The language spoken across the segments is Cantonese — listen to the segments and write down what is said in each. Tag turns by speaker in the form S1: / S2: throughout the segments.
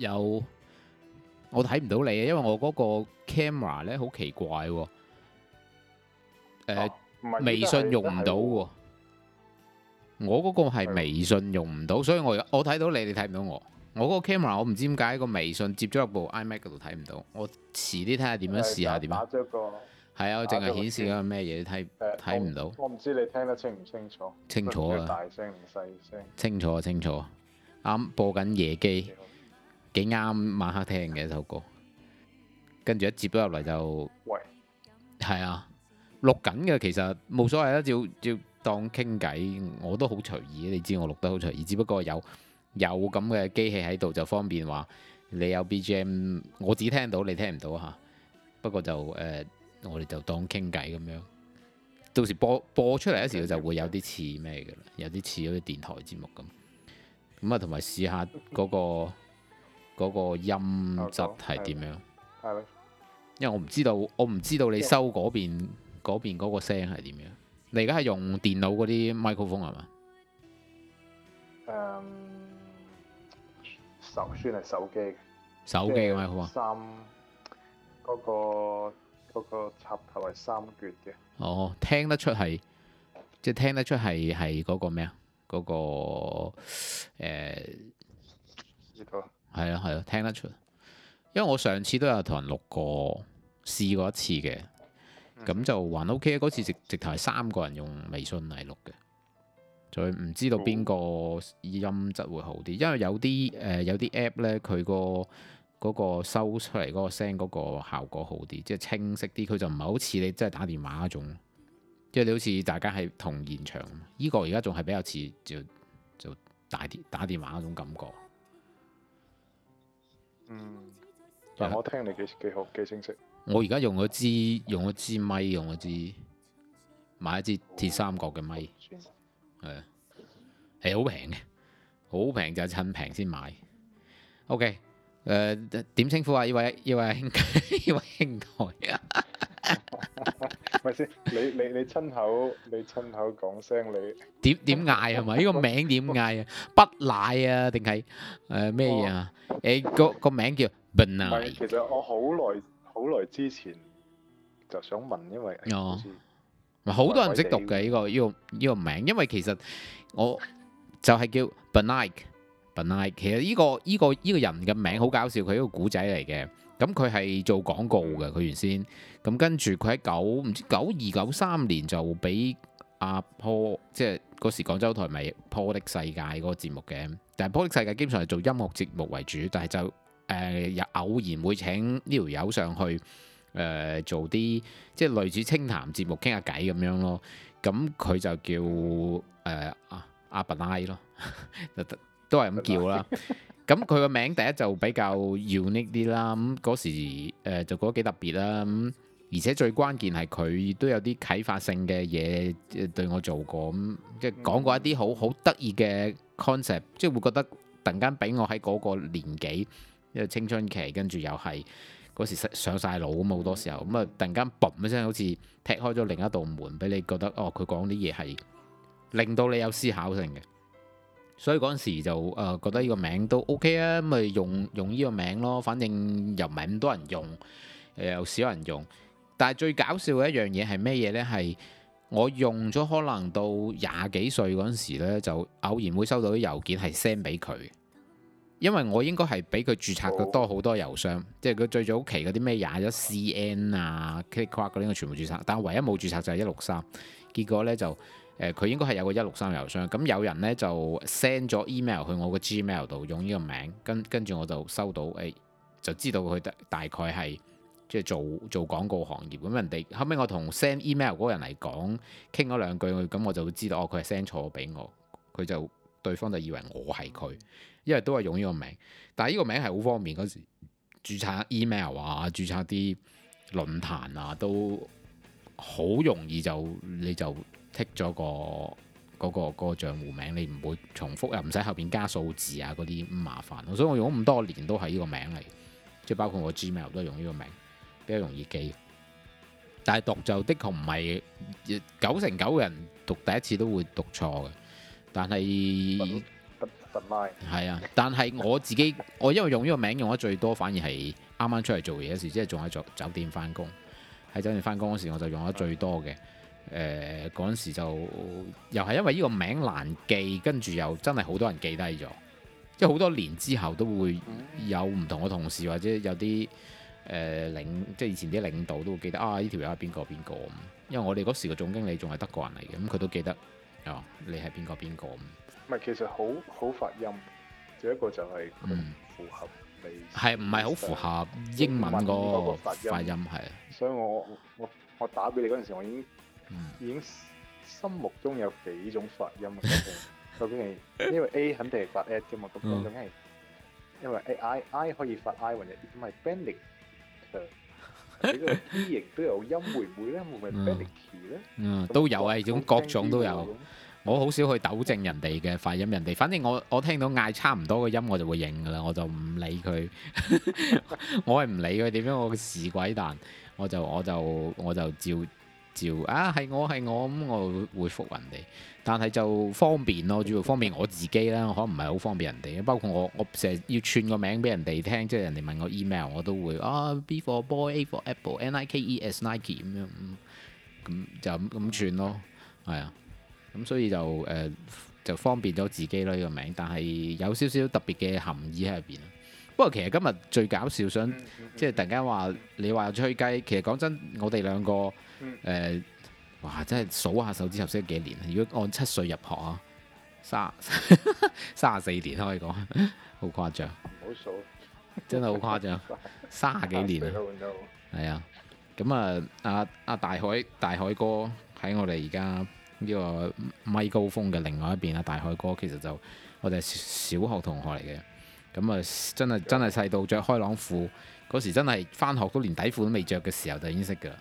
S1: 有我睇唔到你啊，因為我嗰個 camera 咧好奇怪誒，微信用唔到。我嗰個係微信用唔到，所以我我睇到你，你睇唔到我。我嗰個 camera 我唔知點解個微信接咗部 iMac 嗰度睇唔到。我遲啲睇下點樣試下點樣。打咗個係啊，我淨係顯示緊咩嘢你睇睇唔到。我唔知你聽得清
S2: 唔清楚？清楚啊，大聲唔細聲。
S1: 清楚啊，清楚。啱播緊夜機。幾啱晚黑聽嘅一首歌，跟住一接咗入嚟就，喂，係啊，錄緊嘅。其實冇所謂啦，照照當傾偈，我都好隨意，你知我錄得好隨意，只不過有有咁嘅機器喺度就方便話你有 BGM，我只聽到你聽唔到吓。不過就誒、呃，我哋就當傾偈咁樣。到時播播出嚟嘅時候，就會有啲似咩嘅啦，有啲似好似電台節目咁咁啊。同埋試下嗰個。Okay. 嗰個音質係點樣？係咯，因為我唔知道，我唔知道你收嗰邊嗰邊嗰個聲係點樣。你而家係用電腦嗰啲麥克風係嘛？誒，
S2: 手算係手機，
S1: 手機嘅麥克風三嗰
S2: 個嗰個插頭係三腳嘅。
S1: 哦，聽得出係，即係聽得出係係嗰個咩啊？嗰個誒呢個。係啊，係啊，聽得出，因為我上次都有同人錄過試過一次嘅，咁就還 O K。嗰次直直頭係三個人用微信嚟錄嘅，就唔知道邊個音質會好啲。因為有啲誒、呃、有啲 A P P 咧，佢個嗰個收出嚟嗰個聲嗰個效果好啲，即係清晰啲。佢就唔係好似你真係打電話嗰種，即係你好似大家係同現場。呢、呢個而家仲係比較似就就打電打電話嗰種感覺。嗯，但我
S2: 聽你幾幾好，幾清晰。
S1: 我而家用咗支，用咗支咪，用咗支買一支鐵三角嘅咪。係、嗯，係好平嘅，好平就趁平先買。OK，誒點稱呼啊？呢位兄，呢位兄台啊？
S2: 咪先，你你你親口你親口講聲你
S1: 點點嗌，係咪？呢個名點嗌啊？不賴啊？定係誒咩嘢啊？誒，嗰個名叫 Benike。唔係，
S2: 其實我好耐好耐之前就想問，因為
S1: 哦，好多人唔識讀嘅呢個呢個呢個名，因為其實我就係叫 Benike。Benike，其實呢個呢個呢個人嘅名好搞笑，佢一個古仔嚟嘅。咁佢係做廣告嘅，佢原先咁、嗯、跟住佢喺九唔知九二九三年就俾阿 Paul，即係嗰時廣州台咪 Paul 的世界嗰個節目嘅。但係 Paul 的世界基本上係做音樂節目為主，但係就誒有、呃、偶然會請呢條友上去誒、呃、做啲即係類似清談節目傾下偈咁樣咯。咁佢、嗯、就叫誒阿、呃、阿伯拉，拉咯， 都都係咁叫啦。 咁佢個名第一就比較 unique 啲啦，咁嗰時誒、呃、就覺得幾特別啦，咁而且最關鍵係佢都有啲啟發性嘅嘢對我做過，咁即係講過一啲好好得意嘅 concept，即係會覺得突然間俾我喺嗰個年紀，因為青春期，跟住又係嗰時上晒腦咁好多時候，咁啊突然間嘣一聲，好似踢開咗另一道門，俾你覺得哦，佢講啲嘢係令到你有思考性嘅。所以嗰陣時就誒覺得呢個名都 OK 啊，咪用用呢個名咯，反正又唔係咁多人用，又少人用。但係最搞笑嘅一樣嘢係咩嘢呢？係我用咗可能到廿幾歲嗰陣時呢，就偶然會收到啲郵件係 send 俾佢，因為我應該係俾佢註冊嘅多好多郵箱，即係佢最早期嗰啲咩廿一 C N 啊，Kakak 嗰啲全部註冊，但係唯一冇註冊就係一六三，結果呢就。誒佢、呃、應該係有個一六三郵箱，咁、嗯、有人呢，就 send 咗 email 去我個 Gmail 度，用呢個名，跟跟住我就收到，誒、欸、就知道佢大大概係即係做做廣告行業。咁、嗯、人哋後尾我同 send email 嗰個人嚟講傾咗兩句，咁、嗯、我就會知道哦，佢係 send 錯俾我，佢就對方就以為我係佢，因為都係用呢個名。但係呢個名係好方便，嗰時註冊 email 啊，註冊啲論壇啊，都好容易就你就。剔咗個嗰個嗰個賬戶名，你唔會重複，又唔使後邊加數字啊嗰啲麻煩，所以我用咗咁多年都係呢個名嚟，即係包括我 Gmail 都係用呢個名，比較容易記。但係讀就的確唔係九成九人讀第一次都會讀錯嘅。但係十十賣係啊！但係我自己， 我因為用呢個名用得最多，反而係啱啱出嚟做嘢時，即係仲喺酒酒店翻工，喺酒店翻工嗰時我就用得最多嘅。嗯誒嗰陣時就又係因為呢個名難記，跟住又真係好多人記低咗，即係好多年之後都會有唔同嘅同事或者有啲誒、呃、領，即係以前啲領導都會記得啊。呢條友係邊個邊個？因為我哋嗰時嘅總經理仲係德國人嚟嘅，咁、嗯、佢都記得啊。你係邊個邊個？唔
S2: 係其實好好發音，第一個就係嗯符合你係唔係好符合英文個發音係，嗯、是是發音，所以我我我打俾你嗰陣時，我已經。已經心目中有幾種發音啊！究竟係因為 A 肯定係發 E 嘅嘛？咁究竟係因為 A I I 可以發 I 或者點樣？唔係 Bending，呢個 T 型都有音會唔會咧？會唔會 Bending 起咧？嗯，
S1: 都有啊，種各種都有。我好少去糾正人哋嘅發音，人哋反正我我聽到嗌差唔多嘅音，我就會認噶啦，我就唔理佢。我係唔理佢點樣，我嘅事鬼彈，我就我就我就照。照啊，係我係我咁，我會回覆人哋，但係就方便咯，主要方便我自己啦。可能唔係好方便人哋，包括我，我成日要串個名俾人哋聽，即係人哋問我 email，我都會啊。B for boy，A for apple，N I K E e S Nike 咁樣咁、嗯嗯，就咁串咯，係啊。咁所以就誒、呃、就方便咗自己啦呢、呢個名，但係有少少特別嘅含義喺入邊。不過其實今日最搞笑想，想即係突然間話你話吹雞，其實講真，我哋兩個。誒、嗯呃，哇！真係數下手指頭，識幾年啊？如果按、哦、七歲入學啊，三十三, 三十四年可以講，好誇張。
S2: 唔好數說，
S1: 真係好誇張， 三十幾年啊！係啊，咁啊，阿阿大海，大海哥喺我哋而家呢個米高峰嘅另外一邊啊，大海哥其實就我哋係小,小學同學嚟嘅。咁啊，真係真係細到着開朗褲，嗰時真係返學都連底褲都未着嘅時候，就已經識噶啦。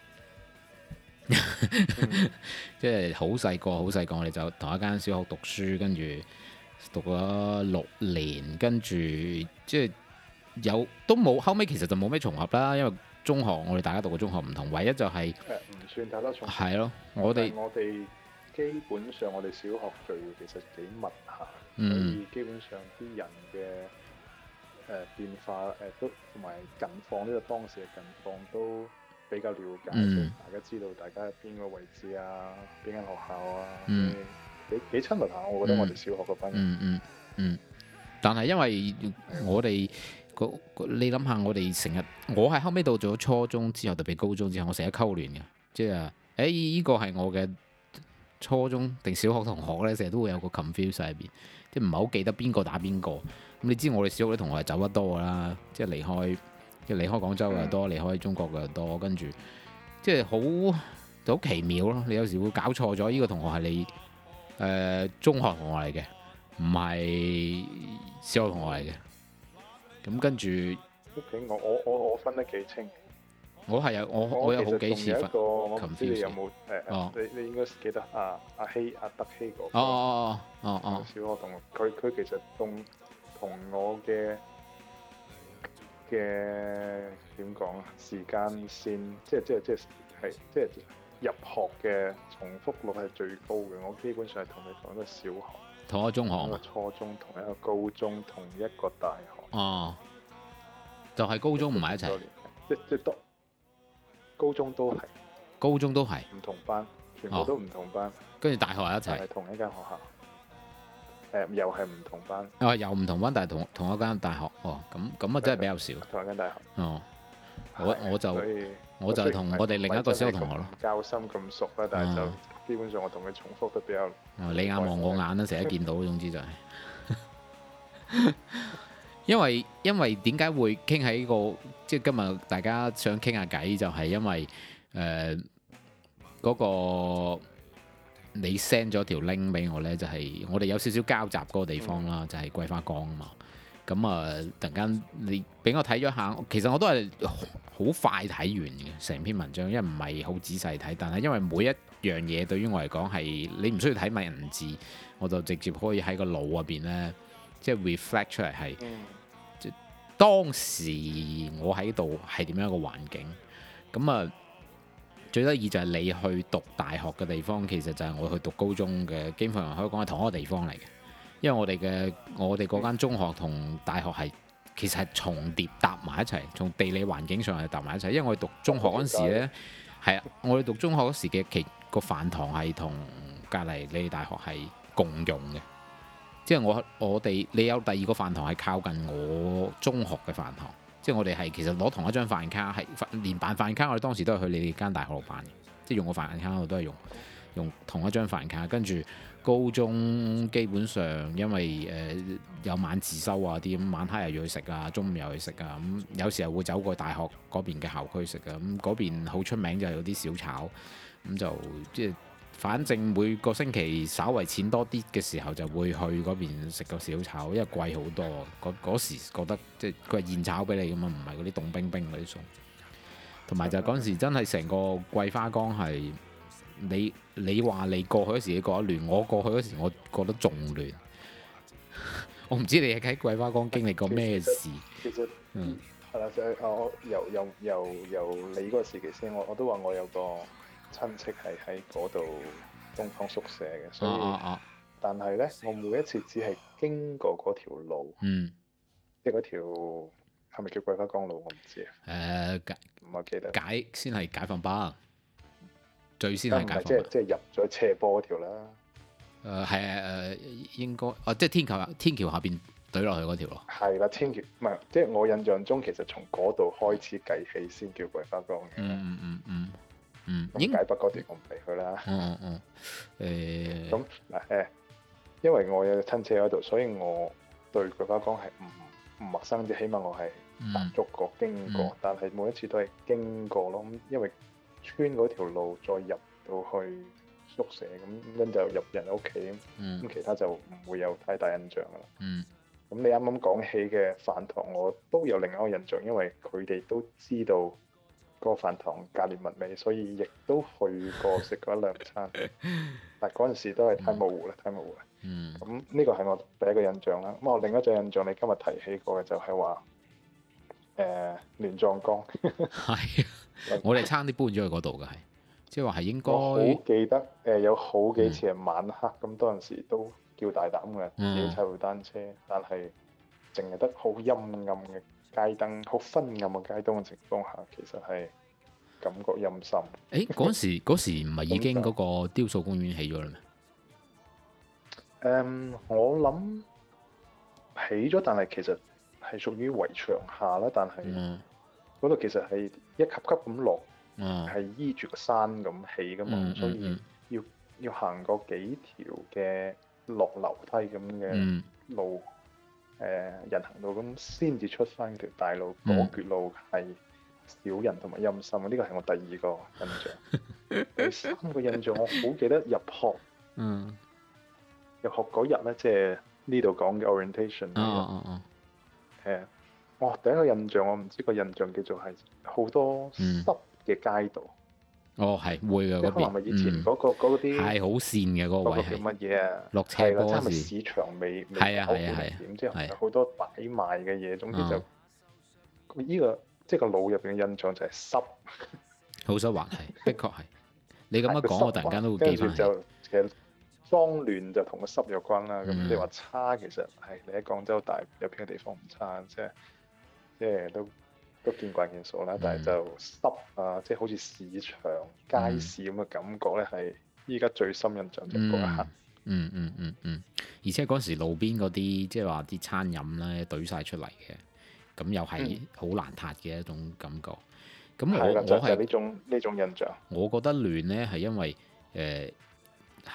S1: 即係好細個，好細個，我哋就同一間小學讀書，跟住讀咗六年，跟住即係有都冇，後尾其實就冇咩重合啦。因為中學我哋大家讀嘅中學唔同，唯一就係、是，唔
S2: 算大家重合。係咯了，我哋們我哋基本上我哋小學聚會其實幾密下，所、嗯、基本上啲人嘅誒變化誒都同埋近況呢個當時嘅近況都。比較了解，大家知道大家喺邊個位置啊，邊間學校啊，幾、嗯、幾親密下，我覺得我哋小學個班
S1: 嗯。嗯嗯嗯。但係因為我哋、嗯、你諗下，我哋成日，我係後尾到咗初中之後，特別高中之後，我成日溝聯嘅，即係誒依個係我嘅初中定小學同學咧，成日都會有個 confuse 喺入邊，即係唔係好記得邊個打邊個。咁你知我哋小學啲同學係走得多㗎啦，即係離開。離開廣州又多，離開中國又多，跟住即係好好奇妙咯。你有時會搞錯咗，呢個同學係你誒中學同學嚟嘅，唔係小學同學嚟嘅。咁跟住
S2: ，OK，我我我我分得幾清。
S1: 我係有我我有好幾次分。你你應
S2: 該記得阿阿希阿德希嗰個。哦哦哦哦哦。小學同學，佢佢其實仲同我嘅。嘅點講啊？時間線即係即係即係係即係入學嘅重複率係最高嘅。我基本上係同你講同一個小學、
S1: 同一個中學、同一個
S2: 初中、同一個高中、同一個大學。
S1: 哦，就係、是、高中唔係一齊，即
S2: 即多高中都係，
S1: 高中都係
S2: 唔同班，全部都唔同班。
S1: 跟住、哦、大學係一齊，係
S2: 同一間學校。誒又係
S1: 唔同班啊！又唔同班，但係同同一間大學哦。咁咁啊，真係比較少同
S2: 一
S1: 間大學哦。我我就我就同我哋另一個小學同學咯，交
S2: 心咁熟啦。但係就基本上我同
S1: 佢重複得比較。你眼望我眼啦，成日見到，總之就係。因為因為點解會傾，喺個即係今日大家想傾下偈，就係因為誒嗰個。你 send 咗條 link 俾我呢，就係、是、我哋有少少交集嗰個地方啦，嗯、就係桂花崗啊嘛。咁啊，突然間你俾我睇咗下，其實我都係好快睇完嘅成篇文章，因為唔係好仔細睇。但係因為每一樣嘢對於我嚟講係你唔需要睇埋文字，我就直接可以喺個腦入邊呢，即、就、係、是、reflect 出嚟係，即、嗯、當時我喺度係點樣一個環境。咁啊～最得意就係你去讀大學嘅地方，其實就係我去讀高中嘅，基本上可以講係同一個地方嚟嘅。因為我哋嘅我哋嗰間中學同大學係其實係重疊搭埋一齊，從地理環境上係搭埋一齊。因為我哋讀中學嗰時呢，係啊、嗯嗯，我哋讀中學嗰時嘅其個飯堂係同隔離你哋大學係共用嘅，即係我我哋你有第二個飯堂係靠近我中學嘅飯堂。即係我哋係其實攞同一張飯卡，係連辦飯卡。我哋當時都係去你哋間大學度辦，即係用個飯卡，我都係用用同一張飯卡。跟住高中基本上因為誒、呃、有晚自修啊啲咁，晚黑又要去食啊，中午又去食啊咁，有時候會走過大學嗰邊嘅校區食嘅，咁嗰邊好出名就係有啲小炒，咁、嗯、就即係。反正每個星期稍為錢多啲嘅時候就會去嗰邊食個小炒，因為貴好多。嗰、嗰時覺得即係佢係現炒俾你㗎嘛，唔係嗰啲凍冰冰嗰啲餸。同埋就嗰陣時真係成個桂花崗，係你、你話你過去嗰時你覺得亂，我過去嗰時我覺得仲亂。 我唔知你喺桂花崗經歷過咩事其，其實嗯，
S2: 係啦，就啊，由、由、由由你嗰個時期先，我、我都話我有個。親戚係喺嗰度東方宿舍嘅，所以啊啊啊但係呢，我每一次只係經過嗰條路，嗯、即係嗰條係咪叫桂花崗路？我唔知啊。誒
S1: 解，唔記得解先係解放北，最先係解放。
S2: 即係入咗斜坡嗰條啦。
S1: 誒係誒，應該、啊、即係天橋天橋下邊對落去嗰條咯。
S2: 係啦，天橋唔係即係我印象中，其實從嗰度開始計起先叫桂花崗
S1: 嘅、嗯。嗯嗯嗯嗯。嗯，咁
S2: 解哥哥不角地我唔理
S1: 佢啦、嗯。嗯嗯，誒，咁
S2: 嗱誒，因為我有親戚喺度，所以我對桂花崗係唔唔陌生嘅，起碼我係踏足過、經過，嗯嗯、但係每一次都係經過咯。咁因為穿嗰條路再入到去宿舍，咁跟就入人屋企，咁、嗯、其他就唔會有太大印象噶啦、嗯。
S3: 嗯，
S2: 咁你啱啱講起嘅飯堂，我都有另一個印象，因為佢哋都知道。個飯堂價廉物美，所以亦都去過食過一兩餐， 但嗰陣時都係太模糊啦，嗯、太模糊啦。咁呢個係我第一個印象啦。咁我另一隻印象你今日提起過嘅就係話，誒亂葬崗。係
S1: 我哋差啲搬咗去嗰度嘅，係即係話係應該好
S2: 記得誒、呃、有好幾次係晚黑，咁多陣時都叫大膽嘅自己踩部單車，但係淨係得好陰暗嘅。街燈好昏暗嘅街燈嘅情況下，其實係感覺陰森。誒，嗰時
S1: 嗰時唔係已經嗰個雕塑公園起咗嘞
S2: 咩？誒，我諗起咗，但係其實係屬於圍牆下啦。但係嗰度其實係一級級咁落，係依住個山咁起㗎嘛，所以要要行過幾條嘅落樓梯咁嘅路。誒、呃、人行道咁先至出翻條大路，嗰條路係少人同埋陰森，呢個係我第二個印象。 第三個印象我好記得入學，嗯，入學嗰日咧，即係呢度講嘅 orientation、哦
S3: 哦哦。嗯
S2: 嗯，係啊。哇！第一個印象我唔知個印象叫做係好多濕嘅街道。嗯嗯
S1: 哦，係會嘅嗰邊，係咪以前嗰啲，嗯，係好善嘅嗰個位，落車嗰時，市
S2: 場尾，係啊係啊係，點知好多擺賣嘅嘢，總之就呢個即係個腦入邊嘅印象就係濕，
S1: 好濕滑係，的確係。你咁樣講，我突然間都會記翻。跟住就
S2: 其實髒亂就同個濕有關啦。咁你話差，其實係你喺廣州大入邊嘅地方唔差嘅，即係即係都。都見慣見熟啦，但係就濕啊，嗯、即係好似市場、嗯、街市咁嘅感覺咧，係依家最深印象嘅
S1: 一個。嗯嗯嗯嗯。而且嗰時路邊嗰啲即係話啲餐飲咧，懟晒出嚟嘅，咁又係好難攤嘅一種感覺。咁我的我係是呢
S2: 種呢種印象。
S1: 我覺得亂咧係因為誒係、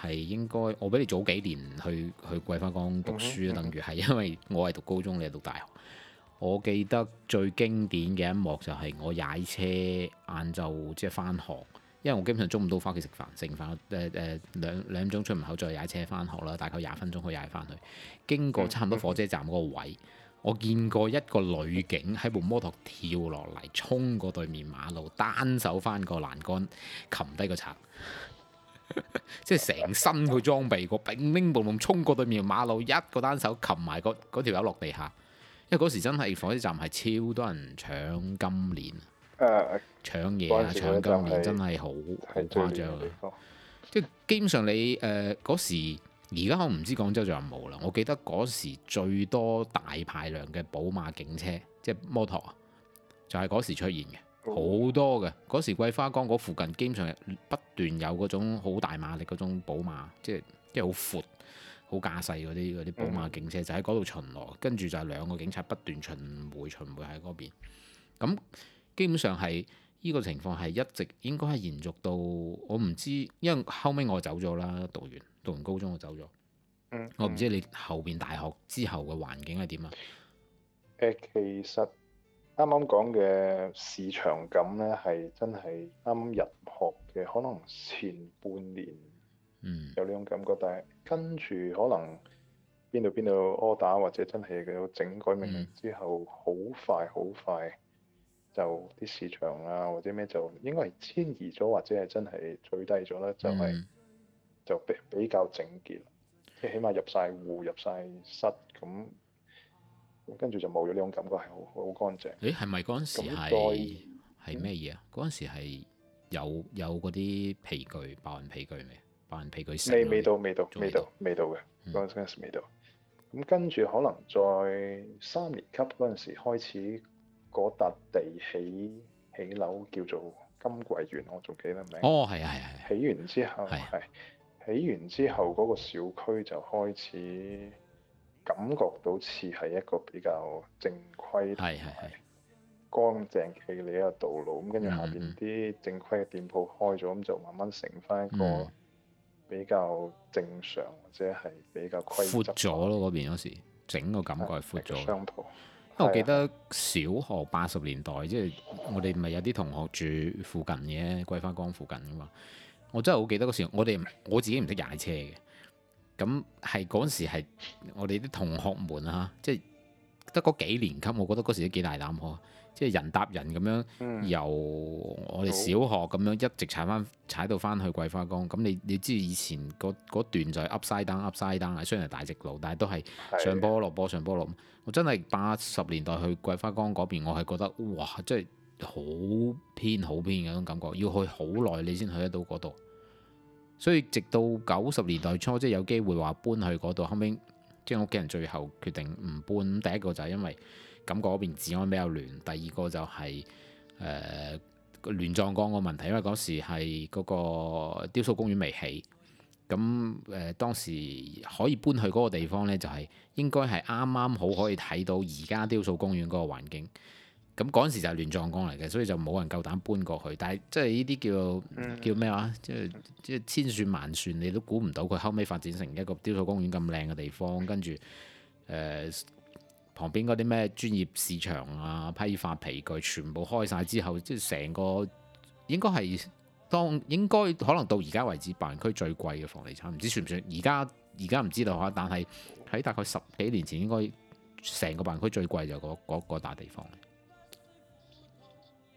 S1: 呃、應該，我比你早幾年去去桂花崗讀書，嗯嗯、等於係因為我係讀高中，你係讀大學。我記得最經典嘅一幕就係我踩車晏晝，即係返學，因為我基本上中午都翻屋企食飯，食完飯，誒誒兩兩點鐘出門口再踩車返學啦，大概廿分鐘可以踩翻去。經過差唔多火車站個位，我見過一個女警喺部摩托跳落嚟，衝過對面馬路，單手翻個欄杆擒低個賊，即係成身佢裝備個，乒乒乓乓衝過對面馬路，一個單手擒埋個嗰條友落地下。因為嗰時真係火車站係超多人搶金鏈，誒、uh, 搶嘢啊搶金鏈、就是、真係好好誇張，即係基本上你誒嗰、呃、時而家我唔知廣州仲有冇啦，我記得嗰時最多大排量嘅寶馬警車，即係摩托啊，就係、是、嗰時出現嘅，好、嗯、多嘅嗰時桂花崗嗰附近經常係不斷有嗰種好大馬力嗰種寶馬，即係即係好闊。好架勢嗰啲嗰啲寶馬警車、嗯、就喺嗰度巡邏，跟住就係兩個警察不斷巡迴巡迴喺嗰邊。咁基本上係呢、這個情況係一直應該係延續到我唔知，因為後尾我走咗啦，讀完讀完高中我走咗。嗯嗯、我唔知你後邊大學之後嘅環境係點啊？
S2: 其實啱啱講嘅市場感呢，係真係啱啱入學嘅，可能前半年嗯有呢種感覺，但係、嗯。跟住可能邊度邊度 order，或者真係佢有整改命令之後，好、嗯、快好快就啲市場啊，或者咩就應該係遷移咗，或者係真係取締咗咧，就係、是、就比比較整潔，即係起碼入晒戶、入晒室咁，跟住就冇
S1: 咗呢種感覺，係好好乾淨。誒係咪嗰陣時係咩嘢啊？嗰陣、嗯、時係有有嗰啲皮具、白雲皮具未？未未到未到
S2: 未到未到嘅嗰陣時未到，咁跟住可能在三年級嗰陣時開始嗰笪地起起樓叫做金桂園，我仲記得名哦，係啊係啊起完之後係、啊、起完之後嗰、啊、個小區就開始感覺到似係一個比較正規、係係係乾淨企理個道路咁。跟住、啊、下邊啲正規嘅店鋪開咗咁，就慢慢成翻一個是、啊。嗯比較正常或者係比較規範。闊咗
S1: 咯，嗰邊嗰時整個感覺係闊咗。因為我記得小學八十年代，的即係我哋唔係有啲同學住附近嘅桂花崗附近噶嘛。我真係好記得嗰時，我哋我自己唔識踩車嘅。咁係嗰時係我哋啲同學們啊，即係得嗰幾年級，我覺得嗰時都幾大膽喎。即係人搭人咁樣，嗯、由我哋小學咁樣一直踩翻踩到翻去桂花崗。咁你你知以前嗰段就 Upside Down Upside Down 啊，雖然係大直路，但係都係上坡落坡上坡落。我真係八十年代去桂花崗嗰邊，我係覺得哇，真係好偏好偏嘅一種感覺，要去好耐你先去得到嗰度。所以直到九十年代初，即係有機會話搬去嗰度，後尾，即係屋企人最後決定唔搬。咁第一個就係因為。咁嗰邊治安比較亂，第二個就係誒亂葬崗個問題，因為嗰時係嗰個雕塑公園未起，咁誒、呃、當時可以搬去嗰個地方呢，就係、是、應該係啱啱好可以睇到而家雕塑公園嗰個環境。咁嗰時就係亂葬崗嚟嘅，所以就冇人夠膽搬過去。但係即係呢啲叫叫咩話？即係、啊、即係千算萬算，你都估唔到佢後尾發展成一個雕塑公園咁靚嘅地方，跟住誒。呃旁邊嗰啲咩專業市場啊、批發皮具，全部開晒之後，即係成個應該係當應該可能到而家為止，白雲區最貴嘅房地產，唔知算唔算？而家而家唔知道吓，但係喺大概十幾年前，應該成個白雲區最貴就嗰嗰個大地方。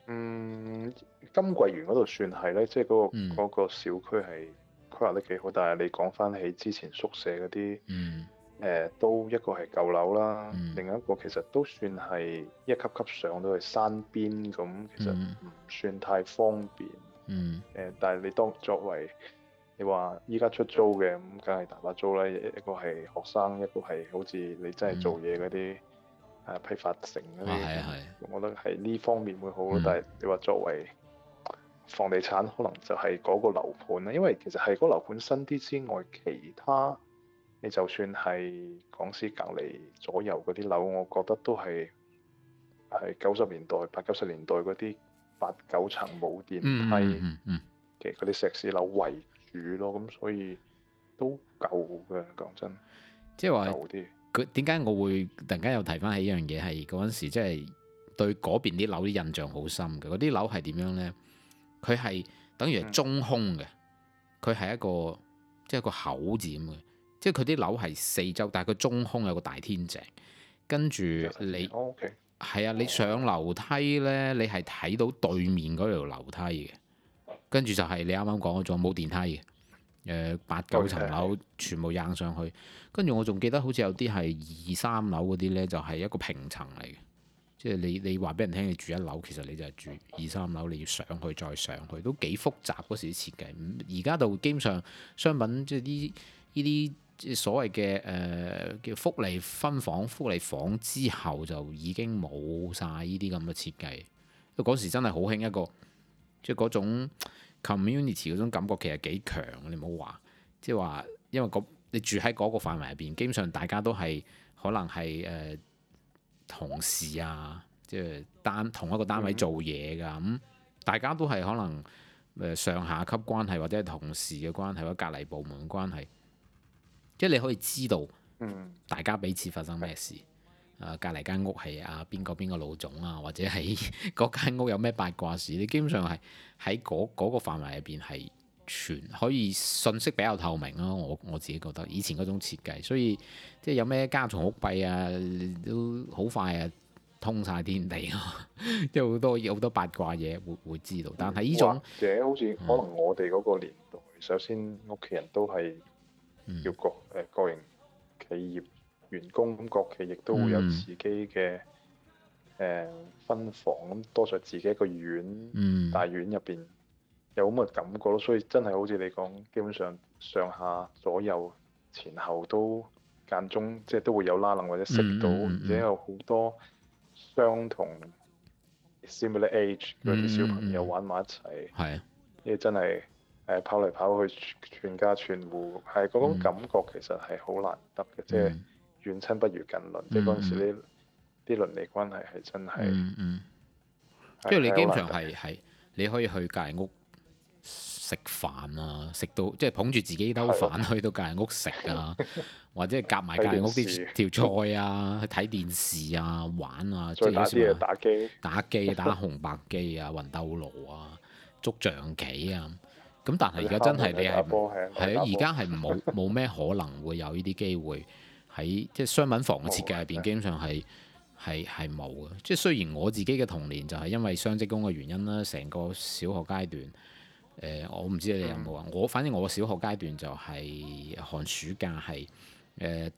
S2: 嗯，金桂園嗰度算係呢，即係嗰個、嗯、個小區係規劃得幾好，但係你講翻起之前宿舍嗰啲，嗯。誒、呃、都一個係舊樓啦，嗯、另一個其實都算係一級級上到去山邊咁，嗯、其實唔算太方便。嗯，誒、呃，但係你當作為你話依家出租嘅咁，梗係大把租啦。一個係學生，一個係好似你真係做嘢嗰啲啊，批發城嗰啲。啊，係啊，係。我覺得喺呢方面會好咯，嗯、但係你話作為房地產，可能就係嗰個樓盤啦，因為其實係嗰個樓盤新啲之外，其他，其他。你就算係港師隔離左右嗰啲樓，我覺得都係係九十年代，八九十年代嗰啲八九層冇電梯嘅嗰啲石屎樓為主咯。咁所以都舊
S1: 嘅，講真，即係話佢點解我會突然間又提翻起一樣嘢，係嗰陣時即係對嗰邊啲樓啲印象好深嘅嗰啲樓係點樣咧？佢係等於係中空嘅，佢係一個即係一個口字咁嘅。即係佢啲樓係四周，但係佢中空有個大天井，跟住你係 啊，你上樓梯呢，你係睇到對面嗰條樓梯嘅，跟住就係你啱啱講嗰種冇電梯嘅、呃，八九層樓 全部硬上去，跟住我仲記得好似有啲係二三樓嗰啲呢，就係、是、一個平層嚟嘅，即係你你話俾人聽你住一樓，其實你就係住二三樓，你要上去再上去，都幾複雜嗰時啲設計。而家就基本上商品即係呢啲。即係所謂嘅誒、呃、叫福利分房，福利房之後就已經冇晒呢啲咁嘅設計。嗰時真係好興一個，即係嗰種 community 嗰種感覺其實幾強。你唔好話，即係話因為你住喺嗰個範圍入邊，基本上大家都係可能係誒、呃、同事啊，即、就、係、係、單同一個單位做嘢㗎。咁、嗯、大家都係可能誒上下級關係，或者係同事嘅關係，或者隔離部門嘅關係。即係你可以知道大家彼此發生咩事，誒隔籬間屋係阿邊個邊個老總啊，或者係嗰間屋有咩八卦事，你基本上係喺嗰嗰個範圍入邊係全可以信息比較透明咯、啊。我我自己覺得以前嗰種設計，所以即係有咩家嘈屋閉啊，都好快啊通晒天地咯、啊，即係好多好多八卦嘢會會知道。但係呢種
S2: 而、嗯、好似可能我哋嗰個年代，嗯、首先屋企人都係。要、嗯、各誒個人企業員工咁國企亦都會有自己嘅誒、呃、分房咁多在自己一個院、嗯、大院入邊有咁嘅感覺咯，所以真係好似你講，基本上上下左右前後都間中即係都會有拉楞或者識到，嗯、而且有好多相同 similar age 嗰啲、嗯、小朋友玩埋一齊，係啊、嗯，呢、嗯嗯、真係～誒跑嚟跑去，全家全戶係嗰種感覺，其實係好難得嘅，即係遠親不如近鄰。即係嗰陣時啲啲鄰里關係係真係，
S1: 即係你經常係係你可以去隔籬屋食飯啊，食到即係捧住自己兜飯去到隔籬屋食啊，或者係夾埋隔籬屋啲條菜啊，去睇電視啊，玩啊，即係打機打機打紅白機啊，魂鬥羅啊，捉象棋啊。咁但係而家真係你係係啊，而家係冇冇咩可能會有呢啲機會喺即係商品房嘅設計入邊，基本上係係係冇嘅。即係雖然我自己嘅童年就係因為雙職工嘅原因啦，成個小學階段，我唔知你有冇啊？我反正我小學階段就係寒暑假係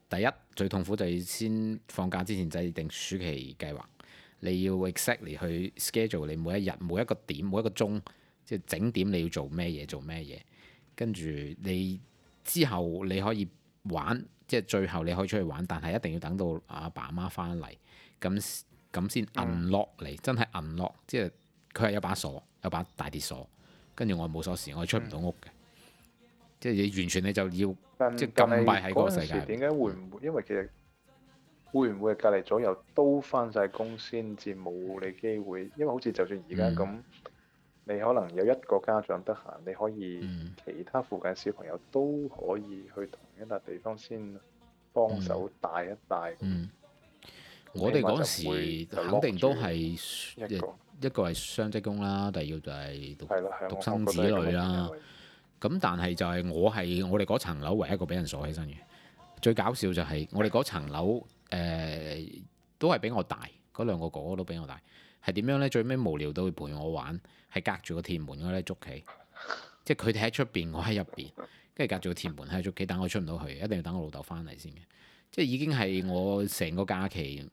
S1: 第一最痛苦，就要先放假之前制定暑期計劃。你要 exactly 去 schedule 你每一日每一個點每一個鐘。即係整點你要做咩嘢做咩嘢，跟住你之後你可以玩，即係最後你可以出去玩，但係一定要等到阿爸阿媽翻嚟，咁咁先撳落嚟，嗯、真係撳落，即係佢係有把鎖，有把大鐵鎖，跟住我冇鎖匙，我出唔到屋嘅，嗯、即係你完全你就要但即係禁閉喺嗰個世界。點解會
S2: 唔會？嗯、因為其實會唔會隔離左右都翻晒工先至冇你機會？因為好似就算而家咁。嗯你可能有一個家長得閒，你可以其他附近小朋友都可以去同一笪地方先幫手帶一帶。嗯，
S1: 我哋嗰陣時肯定都係一個一個係雙職工啦，第二個就係獨生子女啦。咁但係就係我係我哋嗰層樓唯一一個俾人鎖起身嘅。最搞笑就係我哋嗰層樓誒都係比我大，嗰兩個哥哥都比我大。係點樣呢？最尾無聊都會陪我玩，係隔住個鐵門嗰啲捉棋，即係佢哋喺出邊，我喺入邊，跟住隔住個鐵門喺捉棋，等我出唔到去，一定要等我老豆返嚟先嘅。即係已經係我成個假期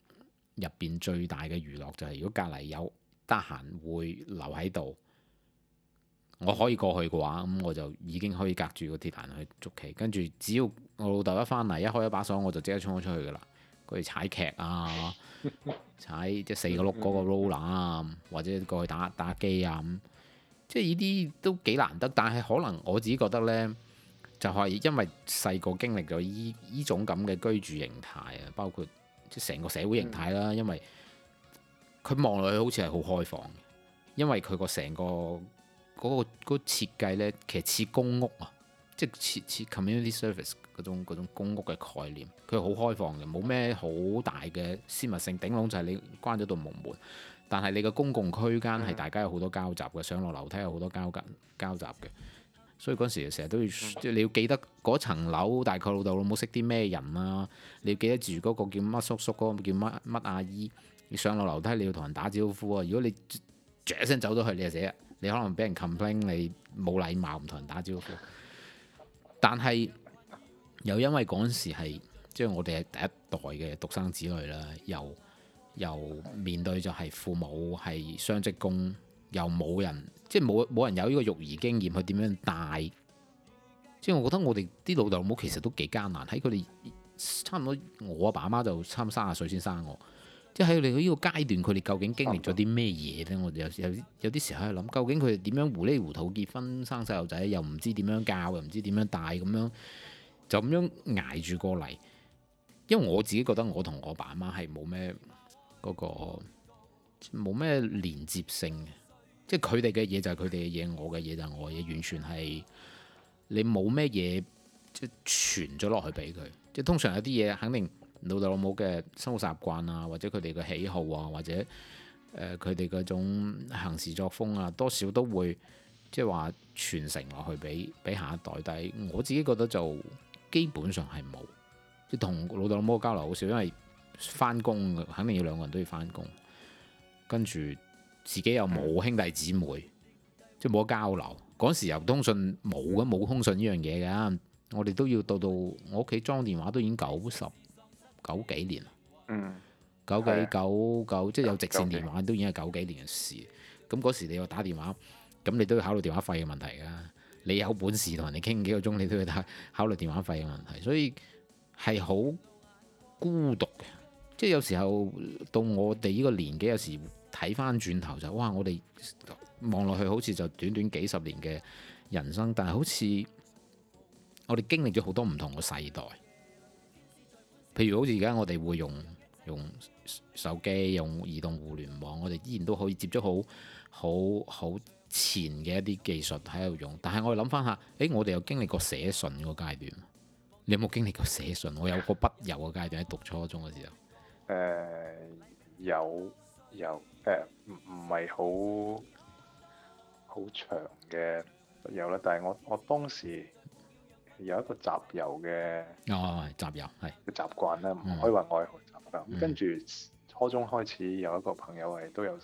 S1: 入邊最大嘅娛樂就係，如果隔離有得閒會留喺度，我可以過去嘅話，咁我就已經可以隔住個鐵欄去捉棋。跟住只要我老豆一返嚟，一開一把鎖，我就即刻衝咗出去噶啦。過去踩劇啊，踩即係四個轆嗰個 roller 啊，或者過去打打機啊咁，即係呢啲都幾難得。但係可能我自己覺得呢，就係、是、因為細個經歷咗依依種咁嘅居住形態啊，包括即係成個社會形態啦。因為佢望落去好似係好開放，因為佢個成個嗰、那個嗰設計呢，其實似公屋啊。即係設設 community service 嗰種，嗰種公屋嘅概念，佢係好開放嘅，冇咩好大嘅私密性。頂籠就係你關咗道門、門，但係你嘅公共區間係大家有好多交集嘅，上落樓梯有好多交交集嘅。所以嗰時成日都要你要記得嗰層樓大概老豆老母識啲咩人啊，你要記得住嗰個叫乜叔叔，嗰個叫乜乜阿姨。你上落樓梯你要同人打招呼啊，如果你一聲走咗去你就死啦，你可能俾人 complain 你冇禮貌，唔同人打招呼。但係又因為嗰陣時係即係我哋係第一代嘅獨生子女啦，又又面對就係父母係雙職工，又冇人即係冇冇人有呢個育兒經驗去點樣帶，即係我覺得我哋啲老豆老母其實都幾艱難，喺佢哋差唔多，我阿爸阿媽就差唔多三十歲先生我。即係你到呢個階段，佢哋究竟經歷咗啲咩嘢咧？嗯、我哋有有啲時候喺度諗，究竟佢哋點樣糊里糊塗結婚生細路仔，又唔知點樣教，又唔知點樣帶，咁樣就咁樣捱住過嚟。因為我自己覺得，我同我爸阿媽係冇咩嗰個冇咩連接性嘅，即係佢哋嘅嘢就係佢哋嘅嘢，我嘅嘢就係我嘅嘢，完全係你冇咩嘢即係傳咗落去俾佢。即係通常有啲嘢肯定。老豆老母嘅生活習慣啊，或者佢哋嘅喜好啊，或者佢哋嗰種行事作風啊，多少都會即係話傳承落去俾俾下一代。但係我自己覺得就基本上係冇，即同老豆老母交流好少，因為翻工肯定要兩個人都要翻工，跟住自己又冇兄弟姊妹，即係冇得交流。嗰時又不通訊冇嘅，冇通訊呢樣嘢㗎。我哋都要到到我屋企裝電話，都已經九十。九幾年，嗯，九幾九九，的即係有直線電話 Okay. 都已經係九幾年嘅事。咁嗰時你又打電話，咁你都要考慮電話費嘅問題㗎。你有本事同人哋傾幾個鐘，你都要睇考慮電話費嘅問題。所以係好孤獨嘅，即係有時候到我哋呢個年紀，有時睇翻轉頭就哇，我哋望落去好似就短短幾十年嘅人生，但係好似我哋經歷咗好多唔同嘅世代。譬如好似而家我哋會用用手機、用移動互聯網，我哋依然都可以接觸好好好前嘅一啲技術喺度用。但係我哋諗翻下，誒、欸、我哋有經歷過寫信個階段，你有冇經歷過寫信？我有個筆友個階段喺讀初中嘅時候，誒、
S2: 呃、有有誒唔唔係好好長嘅有啦，但係我我當時。有一個集郵嘅，哦，集郵係嘅習慣咧，唔可以話愛好習慣咁、嗯、跟住初中開始有一個朋友係都有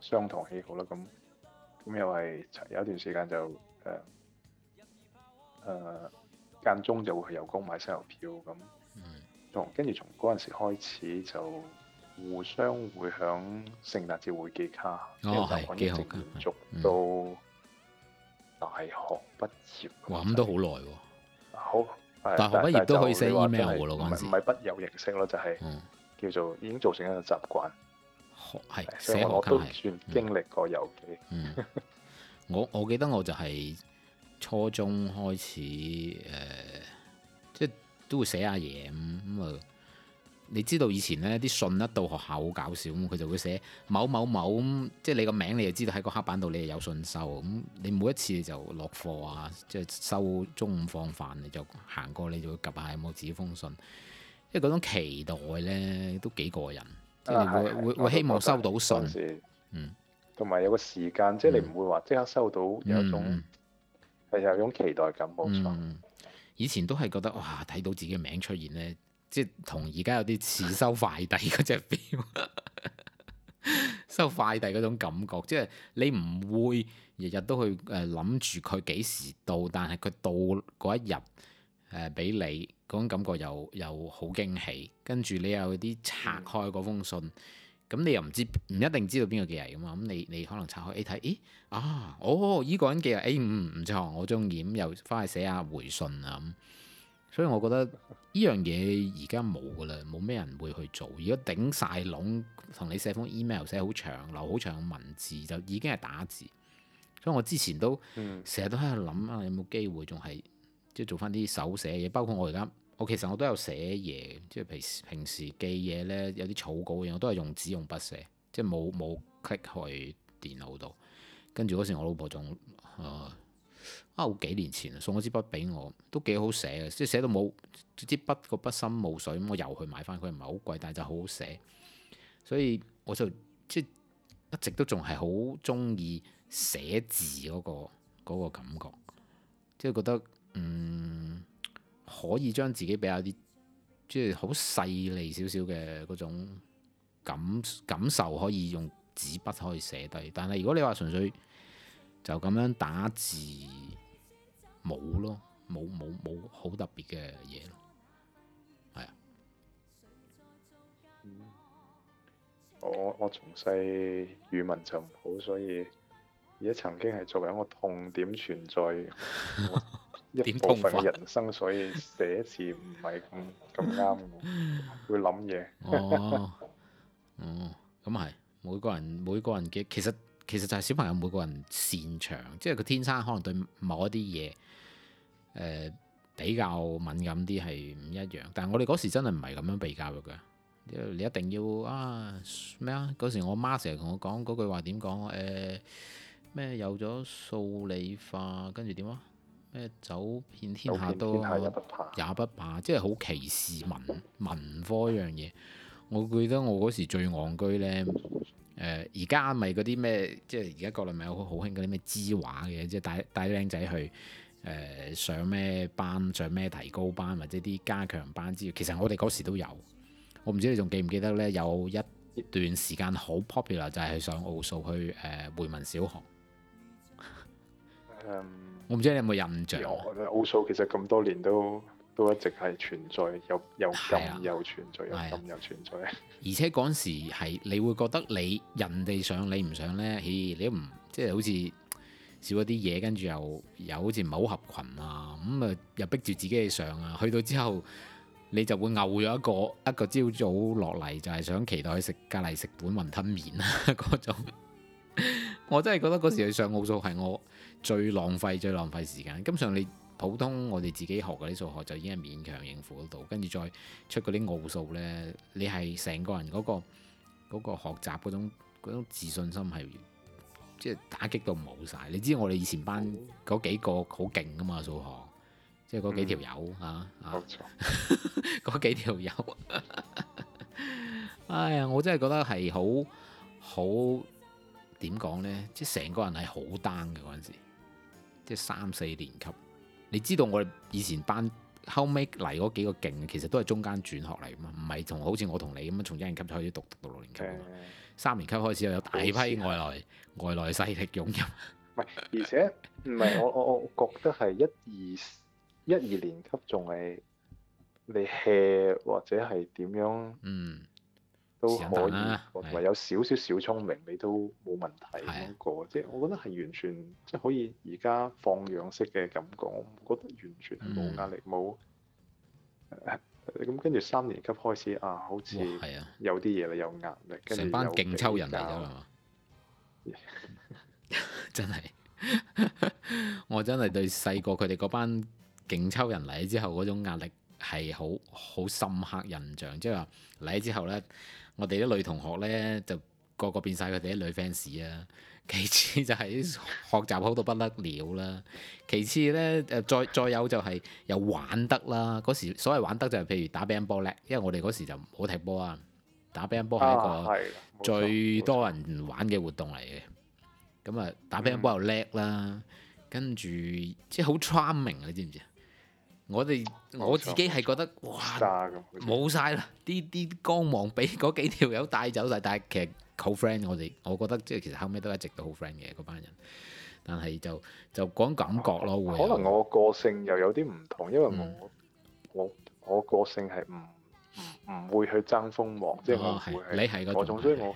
S2: 相同喜好啦，咁咁又係有一段時間就誒誒、呃呃、間中就會去郵局買郵票咁，嗯、跟從跟住從嗰陣時開始就互相會響聖誕節會寄卡，哦，係，幾、嗯、好嘅，續到大學畢業。哇、嗯，咁、嗯、都好耐喎～好，大學畢業都可以寫 email 喎，唔係唔係不有形式咯，就係、是、叫做已經造成一個習慣，
S1: 係、嗯，所以我，我都算
S2: 經歷過有嘅、嗯。
S1: 我我記得我就係初中開始，誒、呃，即係都會寫阿爺咁咁啊。嗯嗯嗯你知道以前咧啲信一到學校好搞笑咁，佢就會寫某某某，即係你個名，你就知道喺個黑板度你又有信收咁。你每一次就落課啊，即係收中午放飯，你就行過你就會 𥄫 下有冇紙封信，即係嗰種期待咧都幾過癮，即係會、啊、會會希望收到信、啊，嗯，
S2: 同埋、嗯、有個時間，嗯、即係你唔會話即刻收到，有一種
S1: 係、嗯、有一種期待感，冇、嗯、錯。以前都係覺得哇，睇到自己嘅名出現咧。即係同而家有啲似收快遞嗰隻 feel，收快遞嗰種感覺，即係你唔會日日都去誒諗住佢幾時到，但係佢到嗰一日誒俾你嗰種感覺又又好驚喜，跟住你有啲拆開嗰封信，咁你又唔知唔一定知道邊個寄嚟㗎嘛，咁你你可能拆開一睇，咦啊哦依、呢個人寄嚟，A 五唔錯，我中意，咁又返去寫下回信啊咁。所以我覺得呢樣嘢而家冇噶啦，冇咩人會去做。如果頂晒籠，同你寫封 email 寫好長，留好長嘅文字就已經係打字。所以我之前都成日、嗯、都喺度諗啊，有冇機會仲係即係做翻啲手寫嘢？包括我而家，我其實我都有寫嘢，即係平時平時記嘢呢，有啲草稿嘢，我都係用紙用筆寫，即係冇冇 click 去電腦度。跟住嗰時我老婆仲啊～、呃啊！好幾年前送咗支筆俾我，都幾好寫嘅，即係寫到冇支筆個筆芯冇水咁。我又去買翻佢，唔係好貴，但係就好好寫。所以我就即一直都仲係好中意寫字嗰個嗰個感覺，即係覺得嗯可以將自己比較啲即係好細膩少少嘅嗰種感感受可以用紙筆可以寫低。但係如果你話純粹就咁樣打字。冇咯，冇冇冇好特別嘅嘢咯，係啊！
S2: 我我從細語文就唔好，所以而家曾經係作為一個痛點存在，一部分嘅人生，所以寫字唔係咁咁啱嘅，會諗嘢。哦，
S1: 哦，咁係每個人每個人嘅其實。其實就係小朋友每個人擅長，即係佢天生可能對某一啲嘢、呃、比較敏感啲係唔一樣。但係我哋嗰時真係唔係咁樣被教育嘅，你一定要啊咩啊？嗰時我媽成日同我講嗰句話點講誒咩？有咗數理化跟住點啊？咩走遍天下都天下也不怕，也不怕，即係好歧視文文科一樣嘢。我記得我嗰時最戇居呢。誒而家咪嗰啲咩，即係而家國內咪有好興嗰啲咩知畫嘅，即係帶帶啲靚仔去誒、呃、上咩班，上咩提高班或者啲加強班之，其實我哋嗰時都有，我唔知你仲記唔記得咧？有一段時間好 popular 就係去上奧數去誒、呃、回民小學。
S2: um,
S1: 我唔知你有冇印象。
S2: 奧數其實咁多年都。都一直係存在，有有咁有存在，啊、有咁有存在。
S1: 啊、 而且嗰陣時係你會覺得你人哋上你唔上呢？咦，你唔即係好似少咗啲嘢，跟住又又好似唔係好合群啊！咁啊又逼住自己去上啊！去到之後你就會牛咗一個一個朝早落嚟就係想期待去食隔離食碗雲吞麵啊嗰 那種。 我真係覺得嗰時去上奧數係我最浪費、最浪費時間。咁上你？普通我哋自己學嗰啲數學就已經係勉強應付得到。跟住再出嗰啲奧數呢，你係成個人嗰個嗰個學習嗰種嗰種自信心係即係打擊到冇晒。你知我哋以前班嗰幾個好勁噶嘛數學，即係嗰幾條友嚇，冇、嗯啊啊、錯，嗰 幾條友。哎呀，我真係覺得係好好點講呢？即係成個人係好 down 嘅嗰陣時，即係三四年級。你知道我哋以前班後尾嚟嗰幾個勁，其實都係中間轉學嚟噶嘛，唔係同好似我同你咁啊，從一年級開始讀讀到六年級，的三年級開始又有大批外來外來勢力湧入。
S2: 唔係，而且唔係我我我覺得係一二 一,一二年級仲係你 hea 或者係點樣嗯。都可以，或者有少少小聰明，啊、你都冇問題。嗰、啊嗰個、即係我覺得係完全即係可以，而家放養式嘅感覺，我唔覺得完全係冇壓力冇。咁跟住三年級開始啊，好似啊，有啲嘢你有壓力。成、啊、班勁抽人嚟咗係嘛？
S1: 真係，我真係對細個佢哋嗰班勁抽人嚟之後嗰種壓力。係好好深刻印象，即係話嚟咗之後呢，我哋啲女同學呢，就個個變晒佢哋啲女 fans 啊。其次就係學習好到不得了啦。其次呢，再再有就係又玩得啦。嗰時所謂玩得就係譬如打乒乓波叻，因為我哋嗰時就唔好踢波啊。打乒乓波係一個、啊、最多人玩嘅活動嚟嘅。咁啊，打乒乓波又叻啦，嗯、跟住即係好 charming，你知唔知？我哋像我自己係覺得，哇，冇晒啦！啲啲光芒俾嗰幾條友帶走晒。但係其實好 friend，我哋，我覺得即係其實後尾都一直都好 friend 嘅嗰班人。但係就就講感覺咯，會可能我
S2: 個性又有啲唔同，因為我、嗯、我我個性係唔唔會去爭鋒芒，哦、即係我唔你係嗰種，的所以我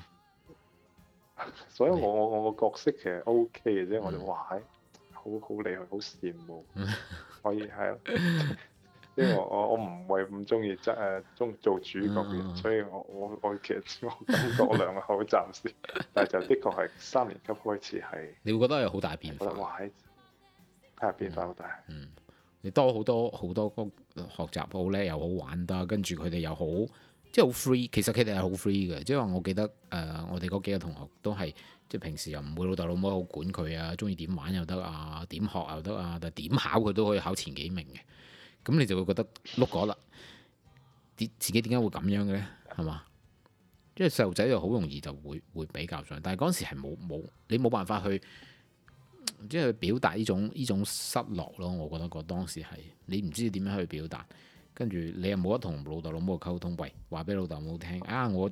S2: 所以我我個角色其實 O K 嘅啫。我就哇，好好厲害好，好羨慕。嗯可以係咯，因為我我我唔係咁中意即係中做主角嘅，啊、所以我我我其實我我兩個好暫時， 但係就的確係三年級開始係。
S1: 你會覺得有好大變化，哇！喺睇變化好大，嗯，嗯，你多，多，多好多好多個學習好叻又好玩得，跟住佢哋又好即係好 free，其實佢哋係好 free 嘅，即係話我記得誒、呃，我哋嗰幾個同學都係。即係平時又唔會老豆老母好管佢啊，中意點玩又得啊，點學又得啊，但係點考佢都可以考前幾名嘅。咁你就會覺得碌過啦。自己點解會咁樣嘅呢？係嘛？即係細路仔就好容易就會會比較上，但係嗰陣時係冇冇你冇辦法去即係去表達呢種呢種失落咯。我覺得個當時係你唔知點樣去表達，跟住你又冇得同老豆老母溝通，喂，話俾老豆老母聽啊，我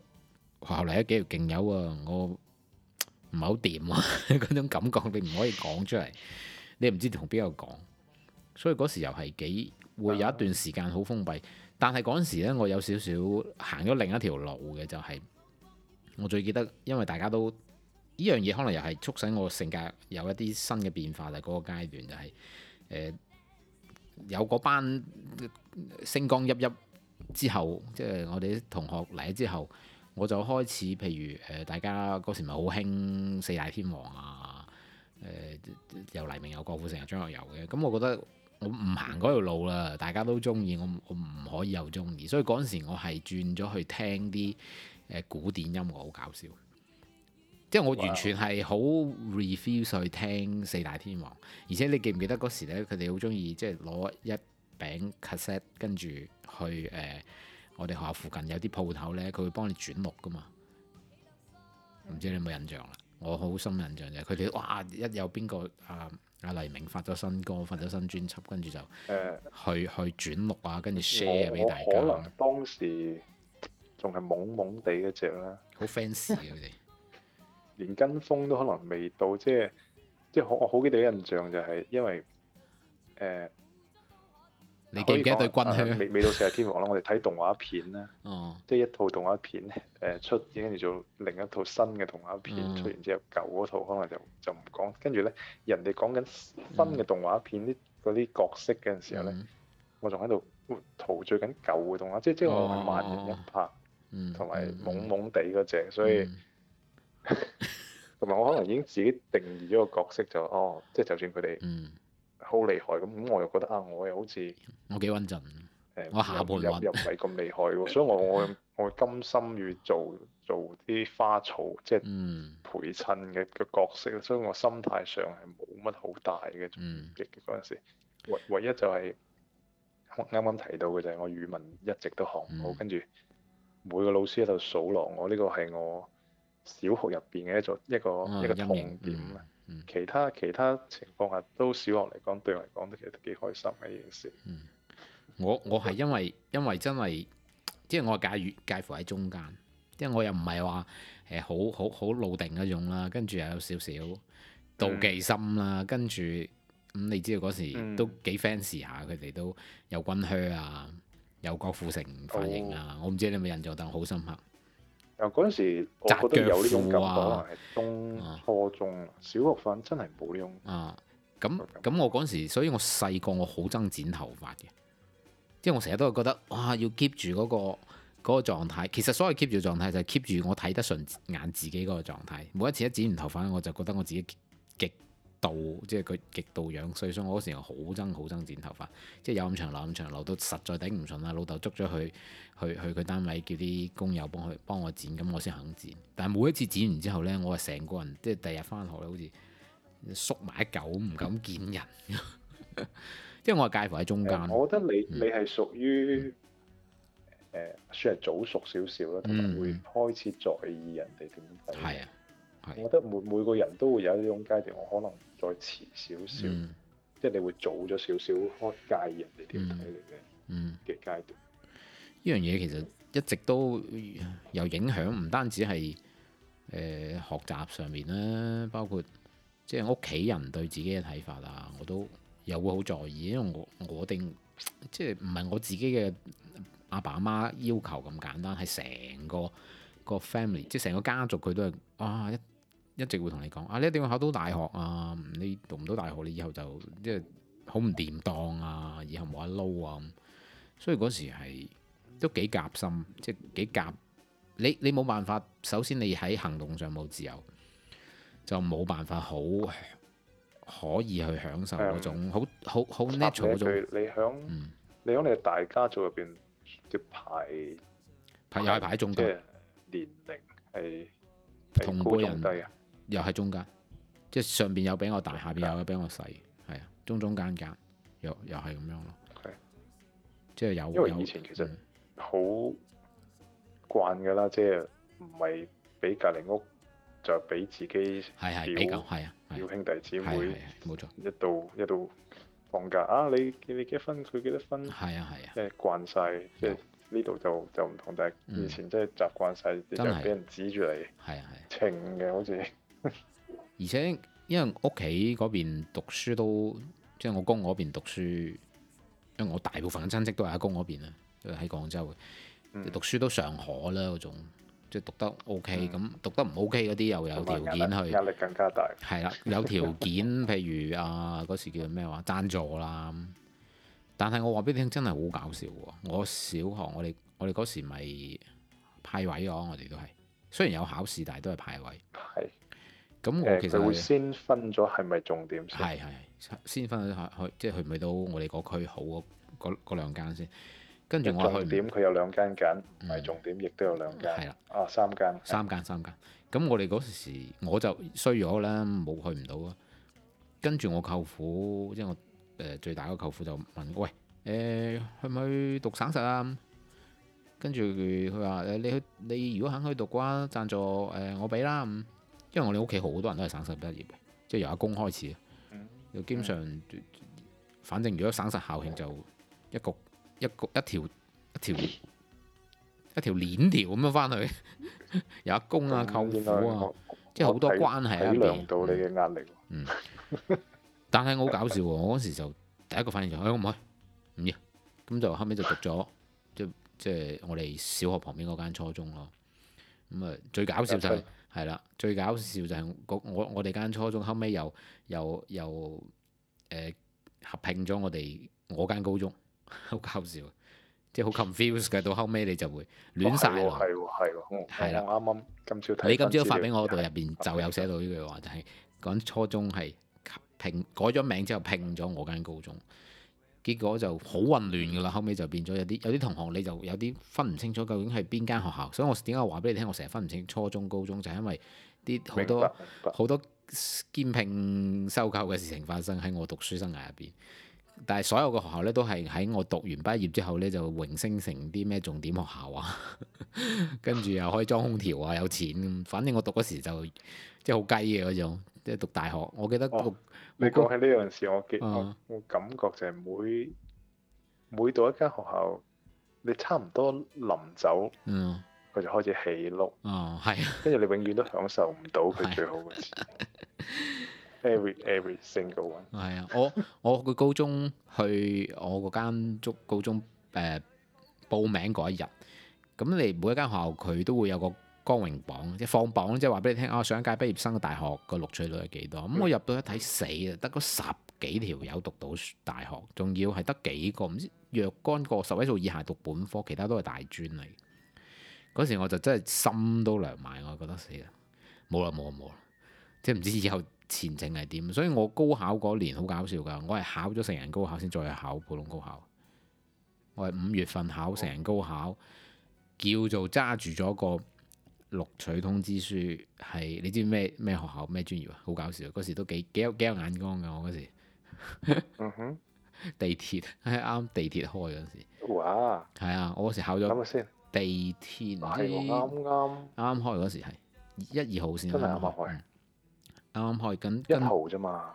S1: 後嚟有幾條勁友啊，我。唔好掂啊！嗰 種感覺你唔可以講出嚟，你唔知同邊個講，所以嗰時又係幾會有一段時間好封閉。但係嗰陣時呢，我有少少行咗另一條路嘅，就係、是、我最記得，因為大家都呢樣嘢可能又係促使我性格有一啲新嘅變化。嗰、就是、個階段就係、是呃、有嗰班星光熠熠之後，即、就、係、是、我哋啲同學嚟咗之後。我就開始，譬如誒，大家嗰時咪好興四大天王啊，誒、呃，又黎明又郭富城又張學友嘅，咁我覺得我唔行嗰條路啦，大家都中意，我我唔可以又中意，所以嗰陣時我係轉咗去聽啲古典音樂，好搞笑，即係我完全係好 refuse 去聽四大天王，而且你記唔記得嗰時呢，佢哋好中意即係攞一餅 cassette 跟住去誒。呃我哋學校附近有啲鋪頭呢，佢會幫你轉錄噶嘛？唔知你有冇印象啦？我好深印象就係佢哋哇！一有邊個啊啊黎明發咗新歌、發咗新專輯，跟住就去、uh, 去，去轉錄啊，跟住 share 俾大家。可能
S2: 當時仲係懵懵地嗰隻啦，好 fans 佢哋， 連跟風都可能未到，即係即係我好記得印象就係因為誒。呃
S1: 你記唔記得對君香？未未到《射鵰天
S2: 王》咯，我哋睇動畫片咧，即係一套動畫片誒出，跟住做另一套新嘅動畫片，出完之後舊嗰套可能就就唔講。跟住咧，人哋講緊新嘅動畫片啲嗰啲角色嘅時候咧，我仲喺度陶醉緊舊嘅動畫，即即我係慢人一拍，同埋懵懵地嗰隻，所以同埋我可能已經自己定義咗個角色，就哦，即係就算佢哋。好厲害咁，我又覺得啊，我又好似
S1: 我幾穩陣，呃、有有我下盤又又
S2: 唔係咁厲害喎， 所以我我我甘心要做做啲花草，即、就、係、是、陪襯嘅個角色，嗯、所以我心態上係冇乜好大嘅壓力嘅嗰陣時，唯、嗯、唯一就係啱啱提到嘅就係、是、我語文一直都學唔好，跟住、嗯、每個老師喺度數落我呢、這個係我小學入邊嘅一座一個、嗯、一個痛點啊。嗯嗯、其他其他情況下都小學嚟講對我嚟講都其實都幾開心嘅一件事。嗯，
S1: 我我係因為因為真係，即係我介於介乎喺中間，即係我又唔係話誒好好好老定嗰種啦，跟住又有少少妒忌心啦，跟住咁你知道嗰時都幾 fans 下佢哋都，有軍靴啊，有郭富城髮型啊，哦、我唔知你有冇印象，但好深刻。
S2: 啊！嗰陣時，我覺得有呢種感覺。中初中小學粉真係冇呢種
S1: 感覺。啊，咁咁，那我嗰陣時，所以我細個我好憎剪頭髮嘅，因為我成日都係覺得，哇！要 keep 住嗰個嗰、嗰個狀態。其實所謂 keep 住狀態，就係 keep 住我睇得順眼自己嗰個狀態。每一次一剪完頭髮，我就覺得我自己極度即係佢極度樣衰，所以所以我嗰時好憎好憎剪頭髮，即係有咁長留咁長，留到實在頂唔順啦。老豆捉咗佢去去佢單位，叫啲工友幫佢幫我剪，咁我先肯剪。但係每一次剪完之後呢，我係成個人即係第日返學咧，好似縮埋一嚿，唔敢見人， 因為我介乎喺中間。我覺
S2: 得你、嗯、你係屬於、嗯、算係早熟少少啦，但係、嗯、會開始在意人哋點睇。係啊。我覺得每每個人都會有呢種階段，我可能再遲少少，嗯、即係你會早咗少少開始介意嘅人哋點睇你嘅嘅階段。
S1: 呢樣嘢其實一直都有影響，唔單止係誒、呃、學習上面啦，包括即係屋企人對自己嘅睇法啊，我都又會好在意，因為我我定即係唔係我自己嘅阿爸阿媽要求咁簡單，係成個個 family，即係成個家族佢都係啊一，一直會同你講，啊，你一定要考到大學啊。你讀唔到大學，你以後就即係好唔掂當啊！以後冇得撈啊！所以嗰時係都幾夾心，即係幾夾。你，你冇辦法，首先你喺行動上冇自由，就冇辦法好可以去享受嗰種好好好 natural 嗰種。嗯、你
S2: 響，你響你，你大家族入邊，要排
S1: 排又係排一種嘅
S2: 年齡係
S1: 同輩人又喺中間，即係上邊有比我大，下邊有比我細，係啊，中中間間又又係咁樣咯，係，即係有。因為以
S2: 前其實好慣噶啦，即係唔係俾隔離屋就俾自己係係比較係啊，要兄弟姊妹冇錯，一到一到放假啊，你你幾多分，佢幾多分，係啊係啊，即係慣晒，即係呢度就就唔同，但係以前即係習慣晒真就俾人指住你係啊係情嘅，好似～
S1: 而且因為屋企嗰邊讀書都即係我公嗰邊讀書，因為我大部分嘅親戚都係阿公嗰邊啊，因為喺廣州嘅。嗯、讀書都尚可啦，嗰種即係讀得 O K，咁讀得唔 O K 嗰啲又有條件去壓力，壓力更加大係啦。 有條件，譬如啊，嗰時叫咩話贊助啦。但係我話俾你聽，真係好搞笑。我小學我哋我哋嗰時咪派位啊，我哋都係雖然有考試，但係都係派位係。咁我其實佢會先
S2: 分咗，係咪重點先？係係
S1: 先分咗去，即係去唔去到我哋嗰區好嗰嗰兩間先。跟住我去
S2: 點，佢有兩間揀，唔係、嗯、重點，亦都有兩間。係啦的，啊三間，
S1: 三間三間。咁、嗯、我哋嗰時我就衰咗啦，冇去唔到啊。跟住我舅父，即係我誒、呃、最大嗰舅父就問喂，誒去唔去讀省實啊？跟住佢話：你去，你如果肯去讀嘅話，贊助誒、呃、我俾啦。因為我哋屋企好多人都係省實畢業嘅，即係由阿公開始，又、嗯、基本上，嗯、反正如果省實校慶就一局一局一條一條一條鏈條咁樣翻去，有阿公啊、舅父啊，即係好多關係影響到你嘅
S2: 壓力。嗯、 嗯。
S1: 但係我好搞笑，我嗰時就第一個反應就，去唔去？唔要。咁就後尾就讀咗，即即係我哋小學旁邊嗰間初中咯。咁啊，最搞笑就係。係啦，最搞笑就係我我哋間初中後，後尾又又又誒、呃、合併咗我哋我間高中，好搞笑，即係好 confuse 嘅。到後尾你就會亂晒喎，係喎係喎，啱啱。
S2: 我我啱啱的今朝你今朝發俾我
S1: 度入邊就有寫到呢句話，就係、是、講初中係併改咗名之後併咗我間高中。結果就好混亂㗎啦，後尾就變咗有啲有啲同學你就有啲分唔清楚究竟係邊間學校，所以我點解話俾你聽，我成日分唔清初中、高中，就係因為啲好多好多兼併收購嘅事情發生喺我讀書生涯入邊。但係所有嘅學校呢，都係喺我讀完畢業之後呢，就榮升成啲咩重點學校啊， 跟住又可以裝空調啊，有錢咁。反正我讀嗰時就即係好雞嘅嗰種，即係讀大學。我記得讀。哦你講起
S2: 呢樣事，我我我感覺就係每每到一間學校，你差唔多臨走，佢就開始起陸，哦，係，跟住你永遠都享受唔到佢最好嗰時。Every every single one，
S1: 係啊，我我個高中去我嗰間中高中誒報名嗰一日，咁你每一間學校佢都會有個。光榮榜即係放榜，即係話俾你聽啊！上一屆畢業生嘅大學個錄取率係幾多？咁、嗯、我入到一睇死啊，得嗰十幾條友讀到大學，仲要係得幾個唔知若干個十位數以下讀本科，其他都係大專嚟。嗰時我就真係心都涼埋，我覺得死啦，冇啦冇啦冇啦，即係唔知以後前程係點。所以我高考嗰年好搞笑㗎，我係考咗成人高考先再考普通高考。我係五月份考成人高考，叫做揸住咗個。錄取通知書係你知咩咩學校咩專業啊？好搞笑嗰時都幾幾有幾有眼光㗎！我嗰時，嗯哼， 地鐵係啱地鐵開嗰時，
S2: 哇，
S1: 係啊！我嗰時考咗地鐵，啱啱啱開嗰時係一、二號線，真係啱啱開，啱一號啫嘛，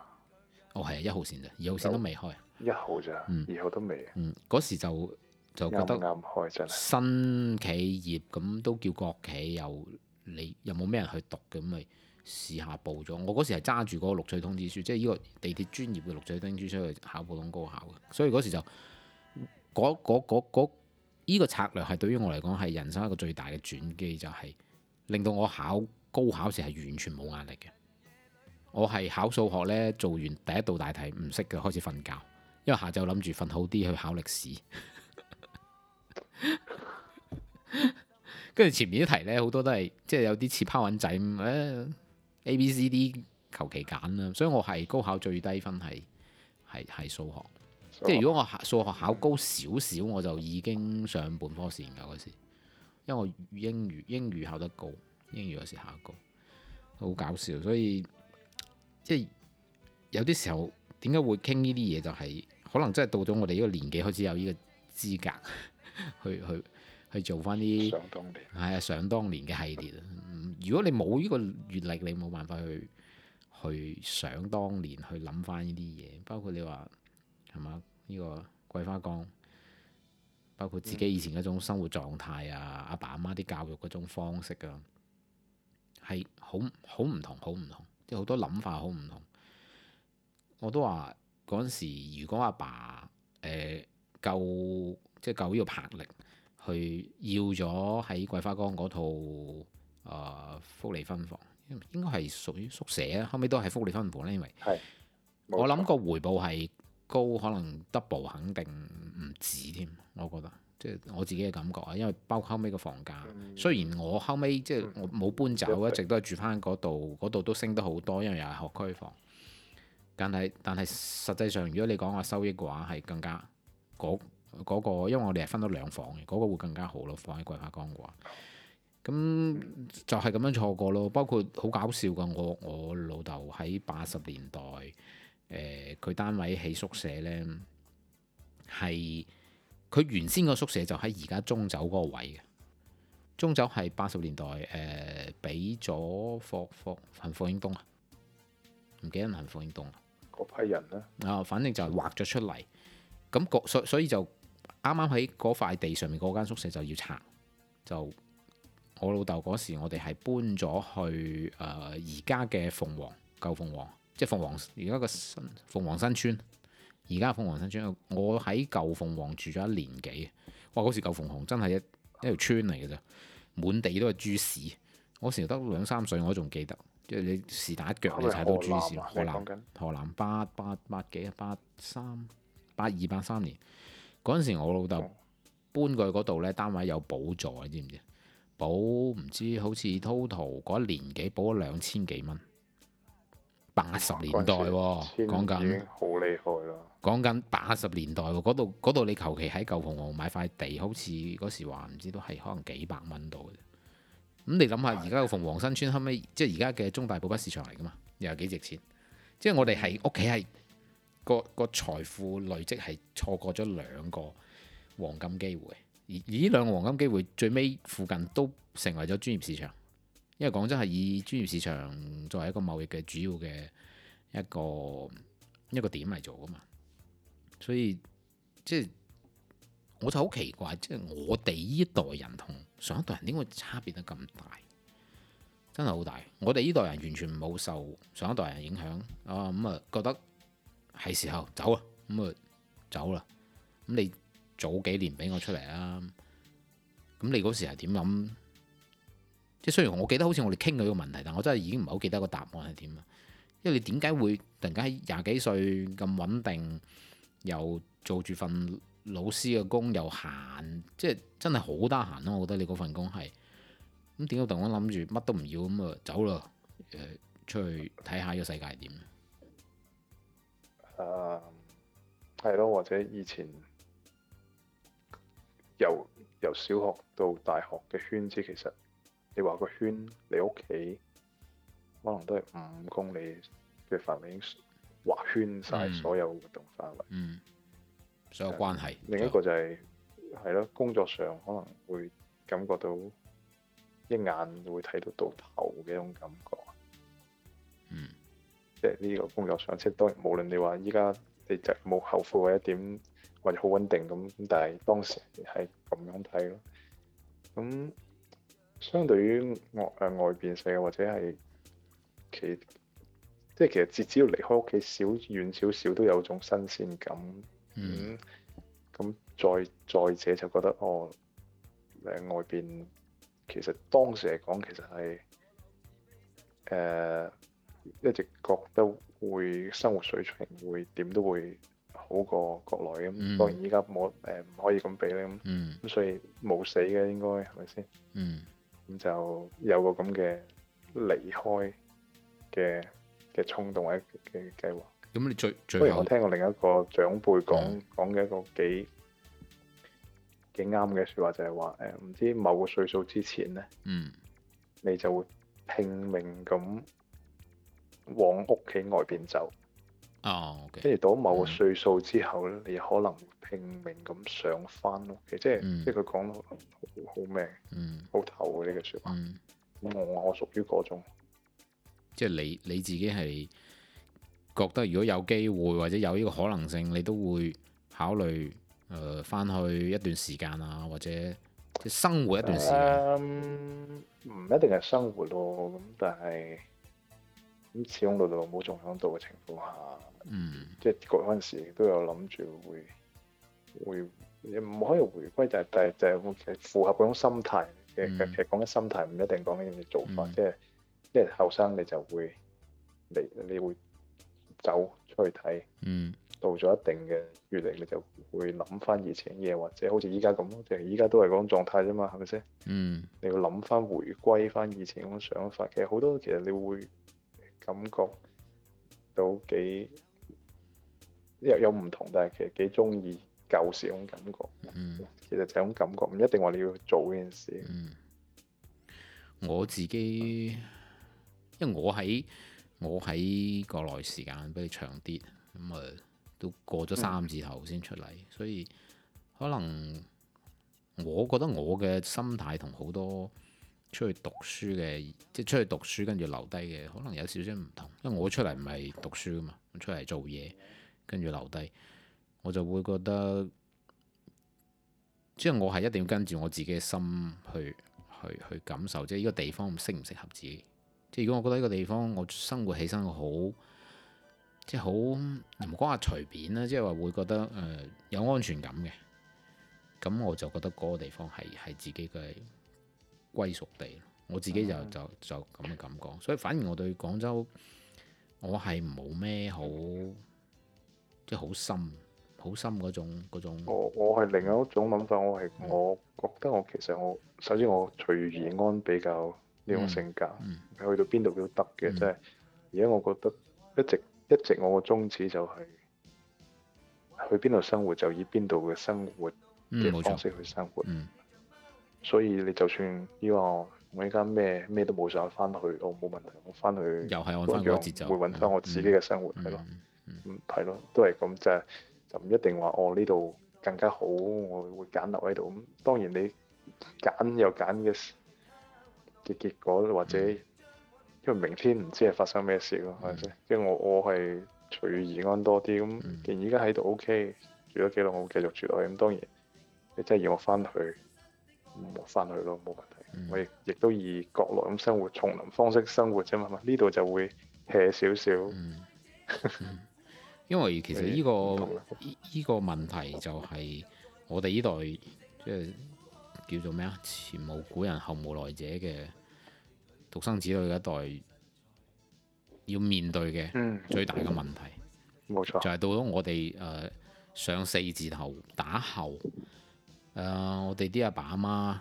S1: 哦係啊，一號線咋，二號線都未開，一號咋、嗯嗯，嗯，二號都未，嗯，嗰時就。就覺得新企業咁都叫國企，又你又冇咩人去讀嘅咁咪試下報咗。我嗰時係揸住嗰個錄取通知書，即係呢個地鐵專業嘅錄取通知書去，就是，考普通高考嘅。所以嗰時就嗰嗰，呢個策略係對於我嚟講係人生一個最大嘅轉機，就係，是，令到我考高考時係完全冇壓力嘅。我係考數學呢，做完第一道大題唔識嘅，開始瞓覺，因為下晝諗住瞓好啲去考歷史。跟住前面啲題呢，好多都係即係有啲似拋銀仔咁，誒、啊、A、B、C、D 求其揀啦。所以我係高考最低分係係係數學，學即係如果我數學考高少少，我就已經上本科線噶嗰時。因為我英英英語考得高，英語有時考高，好搞笑。所以即係有啲時候、就是，點解會傾呢啲嘢？就係可能真係到咗我哋呢個年紀，開始有呢個資格去 去。去去做翻啲係啊，想當年嘅系列啦、嗯。如果你冇呢個閲歷，你冇辦法去去想當年去諗翻呢啲嘢。包括你話係嘛，呢個桂花崗，包括自己以前嗰種生活狀態啊，阿、嗯、爸阿媽啲教育嗰種方式啊，係好好唔同，好唔同，即係好多諗法好唔同。我都話嗰陣時，如果阿爸誒、呃、夠即係、就是、夠呢個魄力。去要咗喺桂花崗嗰套啊、呃、福利分房，應該係屬於宿舍啊。後尾都係福利分房咧，因為我諗個回報係高，可能 double 肯定唔止添。我覺得即係、就是、我自己嘅感覺啊，因為包括後尾嘅房價，嗯、雖然我後尾即係我冇搬走，嗯嗯、一直都係住翻嗰度，嗰度都升得好多，因為又係學區房。但係但係實際上，如果你講話收益嘅話，係更加嗰個，因為我哋係分咗兩房嘅，嗰、那個會更加好咯。放喺桂花崗嘅話，咁就係咁樣錯過咯。包括好搞笑噶，我我老豆喺八十年代，佢、呃、單位起宿舍呢，係佢原先個宿舍就喺而家中酒嗰個位嘅。中酒係八十年代誒，俾咗霍霍霍英東啊，唔記得唔係霍英東啦，
S2: 嗰批人
S1: 啦。啊、哦，反正就係劃咗出嚟，咁、那、所、個、所以就。啱啱喺嗰塊地上面嗰間宿舍就要拆，就我老豆嗰時我，我哋係搬咗去誒而家嘅鳳凰舊鳳凰，即係鳳凰而家個新鳳凰新村。而家鳳凰新村我喺舊鳳凰住咗一年幾。哇！嗰時舊鳳凰真係一一條村嚟嘅啫，滿地都係豬屎。2, 我成日得兩三歲，我仲記得，即係你是但一腳你踩到豬屎南、啊、河南河南八八八幾啊？八三八二八三年。嗰陣時，我老豆搬過去嗰度咧，單位有補助，你知唔知？補唔知好似 total 嗰一年幾補咗兩千幾蚊，八十年代喎，講緊好厲害啦！講緊八十年代喎，嗰度度你求其喺舊鳳凰買塊地，好似嗰時話唔知都係可能幾百蚊度。啫。咁你諗下，而家個鳳凰新村後尾即係而家嘅中大布匹市場嚟噶嘛？又係幾值錢？即係我哋係屋企係。個個財富累積係錯過咗兩個黃金機會，而而呢兩個黃金機會最尾附近都成為咗專業市場，因為講真係以專業市場作為一個貿易嘅主要嘅一個一個點嚟做噶嘛，所以即係我就好奇怪，即係我哋呢一代人同上一代人點會差別得咁大，真係好大。我哋呢代人完全冇受上一代人影響啊，咁、嗯、啊覺得。係時候走啦，咁啊走啦，咁你早幾年俾我出嚟啊，咁你嗰時係點諗？即係雖然我記得好似我哋傾過呢個問題，但我真係已經唔係好記得個答案係點啦。因為你點解會突然間喺廿幾歲咁穩定，又做住份老師嘅工，又閒，即係真係好得閒咯。我覺得你嗰份工係，咁點解突然間諗住乜都唔要，咁啊走啦，出去睇下個世界點？
S2: 誒係咯，或者以前
S1: 由由
S2: 小學到大學嘅圈子，其實你話個圈，你屋企可能都係五公里嘅範圍，畫圈晒所有活動範圍、嗯，
S3: 嗯，
S2: 所有關係。的另一個就係係咯，工作上可能會感覺到一眼會睇到到頭嘅一種感覺，嗯。即係呢個工作上，即係當然，無論你話依家你就冇後顧或者點，或者好穩定咁，但係當時係咁樣睇咯。咁相對於外誒外邊世界或者係其，即係其實只只要離開屋企少遠少少，都有種新鮮感。嗯。咁、嗯、再再者就覺得哦，誒外邊其實當時嚟講其實係誒。呃一直覺得會生活水平會點都會好過國內咁，當、嗯、然依家冇誒，唔、呃、可以咁比咧咁，咁所以冇死嘅應該係咪先？嗯，咁就有個咁嘅離開嘅嘅衝動或嘅計劃。
S1: 咁你最最不如我聽過另一
S2: 個長輩講講嘅一個幾幾啱嘅説話，就係話誒，唔、呃、知某個歲數之前咧，嗯，嗯，你就會拼命咁。往屋企外邊走，
S1: 哦，
S2: 跟住到某個歲數之後咧，mm. 你可能拼命咁上翻咯，即係、mm. 即係佢講得好咩？
S1: 嗯，
S2: 好透嘅呢句說話。咁、mm. 我我屬於嗰種，
S1: 即係你你自己係覺得如果有機會或者有呢個可能性，你都會考慮誒翻、呃、去一段時間啊，或者即係生活一段時間。
S2: 唔、um, 一定係生活咯，咁但係。咁始終老豆老母仲響度嘅情況下，嗯，即係嗰陣時都有諗住會會唔可以回歸，但係但係就係會符合嗰種心態嘅、嗯。其實講緊心態，唔一定講緊做法。嗯、即係即係後生你就會你你會走出去睇，嗯，到咗一定嘅閱歷，你就會諗翻以前嘢，或者好似依家咁，即係依家都係嗰種狀態啫嘛，係咪先？嗯，你要諗翻回歸翻以前嗰種想法。其實好多其實你會。感覺都幾有有唔同，但係其實幾鍾意舊時嗰、嗯、種感覺。嗯，其實就係種感覺，唔一定話你要做嗰件事。嗯，
S1: 我自己，因為我喺我喺國內時間比較長啲，咁、嗯、啊、嗯、都過咗三字頭先出嚟，所以可能我覺得我嘅心態同好多。出去讀書嘅，即係出去讀書跟住留低嘅，可能有少少唔同。因為我出嚟唔係讀書㗎嘛，我出嚟做嘢跟住留低，我就會覺得即係我係一定要跟住我自己嘅心去去去感受，即係呢個地方適唔適合自己。即係如果我覺得呢個地方我生活起身好即係好唔好講話隨便啦，即係話會覺得誒、呃、有安全感嘅，咁我就覺得嗰個地方係係自己嘅。歸屬地，我自己就就就咁嘅感覺，所以反而我對廣州，我係冇咩好即係好深好深嗰種嗰種，
S2: 我我係另外一種諗法，我係、嗯、我覺得我其實我首先我隨遇而安比較呢種性格，嗯、去到邊度都得嘅，即係而家我覺得一直一直我個宗旨就係去邊度生活就以邊度嘅生活嘅方式去生活。嗯所以你就算呢個，我依家咩咩都冇想翻去，我冇問題。我翻去又係我翻去嗰個節奏，會揾翻我自己嘅生活係咯，咁係咯，都係咁就係、就唔一定話哦呢度更加好，我會揀留喺度咁。當然你揀又揀嘅嘅結果，或者、嗯、因為明天唔知係發生咩事咯，係咪先？即係、就是、我我係隨遇而安多啲咁，嗯嗯、既然而家喺度 O K 住咗幾耐，我會繼續住落去。咁當然你真係要我翻去。我翻、嗯、去咯，冇問題。嗯、我亦亦都以國內咁生活，叢林方式生活啫嘛嘛，呢度就會斜少少。嗯、
S1: 因為其實呢、這個呢個問題就係我哋呢代即係、就是、叫做咩啊？前無古人後無來者嘅獨生子女嘅一代要面對嘅最大嘅問題，冇錯、嗯。嗯、就係到咗我哋誒、呃、上四字頭打後。誒，uh, 我哋啲阿爸阿媽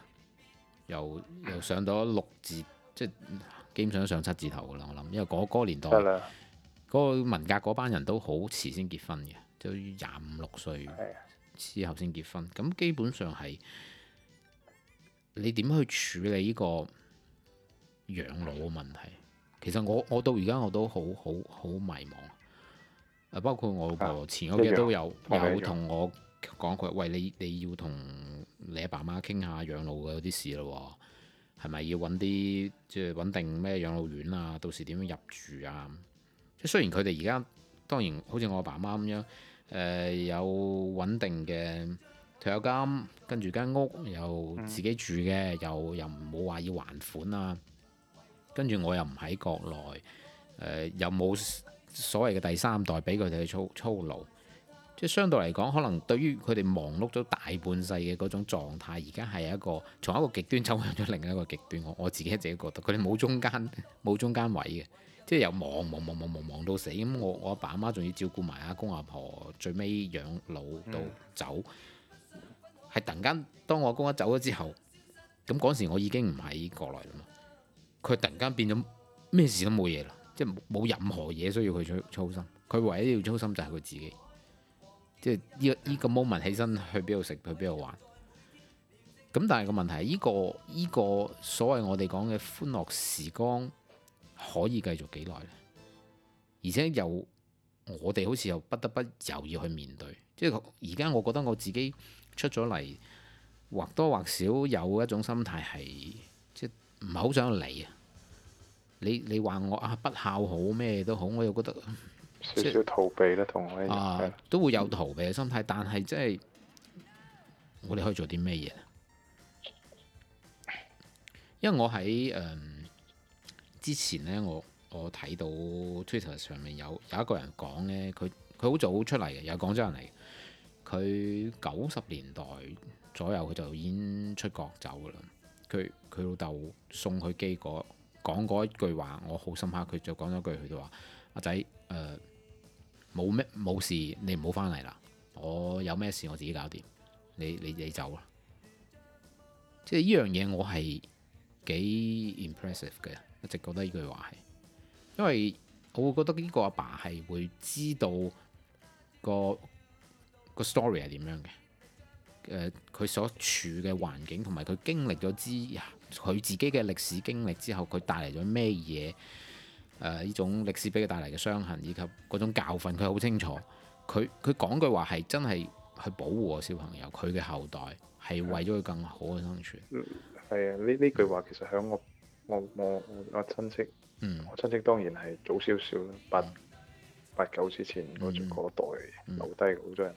S1: 又又上到六字，即係基本上上七字頭噶啦，我諗，因為嗰嗰個年代，嗰個文革嗰班人都好遲先結婚嘅，就都廿五六歲之後先結婚，咁基本上係你點去處理呢個養老嘅問題？其實我我到而家我都好好好迷茫。包括我個前幾日都有有同我講句，喂，你你要同。你阿爸媽傾下養老嗰啲事咯，係咪要揾啲即係穩定咩養老院啊？到時點樣入住啊？即雖然佢哋而家當然好似我阿爸媽咁樣，誒、呃、有穩定嘅退休金，跟住間屋又自己住嘅，又又唔冇話要還款啊。跟住我又唔喺國內，誒、呃、又冇所謂嘅第三代俾佢哋去操操勞。即相對嚟講，可能對於佢哋忙碌咗大半世嘅嗰種狀態，而家係一個從一個極端走向咗另一個極端。我我自己自己覺得，佢哋冇中間冇中間位嘅，即係由忙忙忙忙忙到死。咁我我阿爸阿媽仲要照顧埋阿公阿婆，最尾養老到走，係突然間當我阿公一走咗之後，咁嗰時我已經唔喺國內啦嘛。佢突然間變咗咩事都冇嘢啦，即係冇任何嘢需要佢操操心。佢唯一要操心就係佢自己。即係呢個 moment 起身去邊度食去邊度玩，咁但係個問題係呢個呢個所謂我哋講嘅歡樂時光可以繼續幾耐咧？而且又我哋好似又不得不又要去面對，即係而家我覺得我自己出咗嚟，或多或少有一種心態係即係唔係好想嚟啊！你你話我啊不孝好咩都好，我又覺得。少少逃避啦，同我一樣啊，都會有逃避嘅心態，但係即係我哋可以做啲咩嘢？因為我喺誒、呃、之前呢，我我睇到 Twitter 上面有有一個人講呢，佢佢好早出嚟嘅，有廣州人嚟，佢九十年代左右佢就已經出國走噶啦。佢佢老豆送佢機嗰，講嗰一句話，我好深刻。佢就講咗句，佢就話：阿仔，誒、呃。冇咩冇事，你唔好返嚟啦！我有咩事我自己搞掂，你你你走啦！即係呢樣嘢，我係幾 impressive 嘅，一直覺得呢句話係，因為我會覺得呢個阿爸係會知道個個 story 係點樣嘅，呃，佢所處嘅環境同埋佢經歷咗之，佢自己嘅歷史經歷之後，佢帶嚟咗咩嘢？誒呢、呃、種歷史俾佢帶嚟嘅傷痕，以及嗰種教訓，佢好清楚。佢佢講句話係真係去保護個小朋友，佢嘅後代係為咗佢更好嘅生存。
S2: 係啊，呢呢句話其實響我我我我親戚，嗯，我親戚當然係早少少啦，八八九之前嗰嗰、嗯、代留低好多人，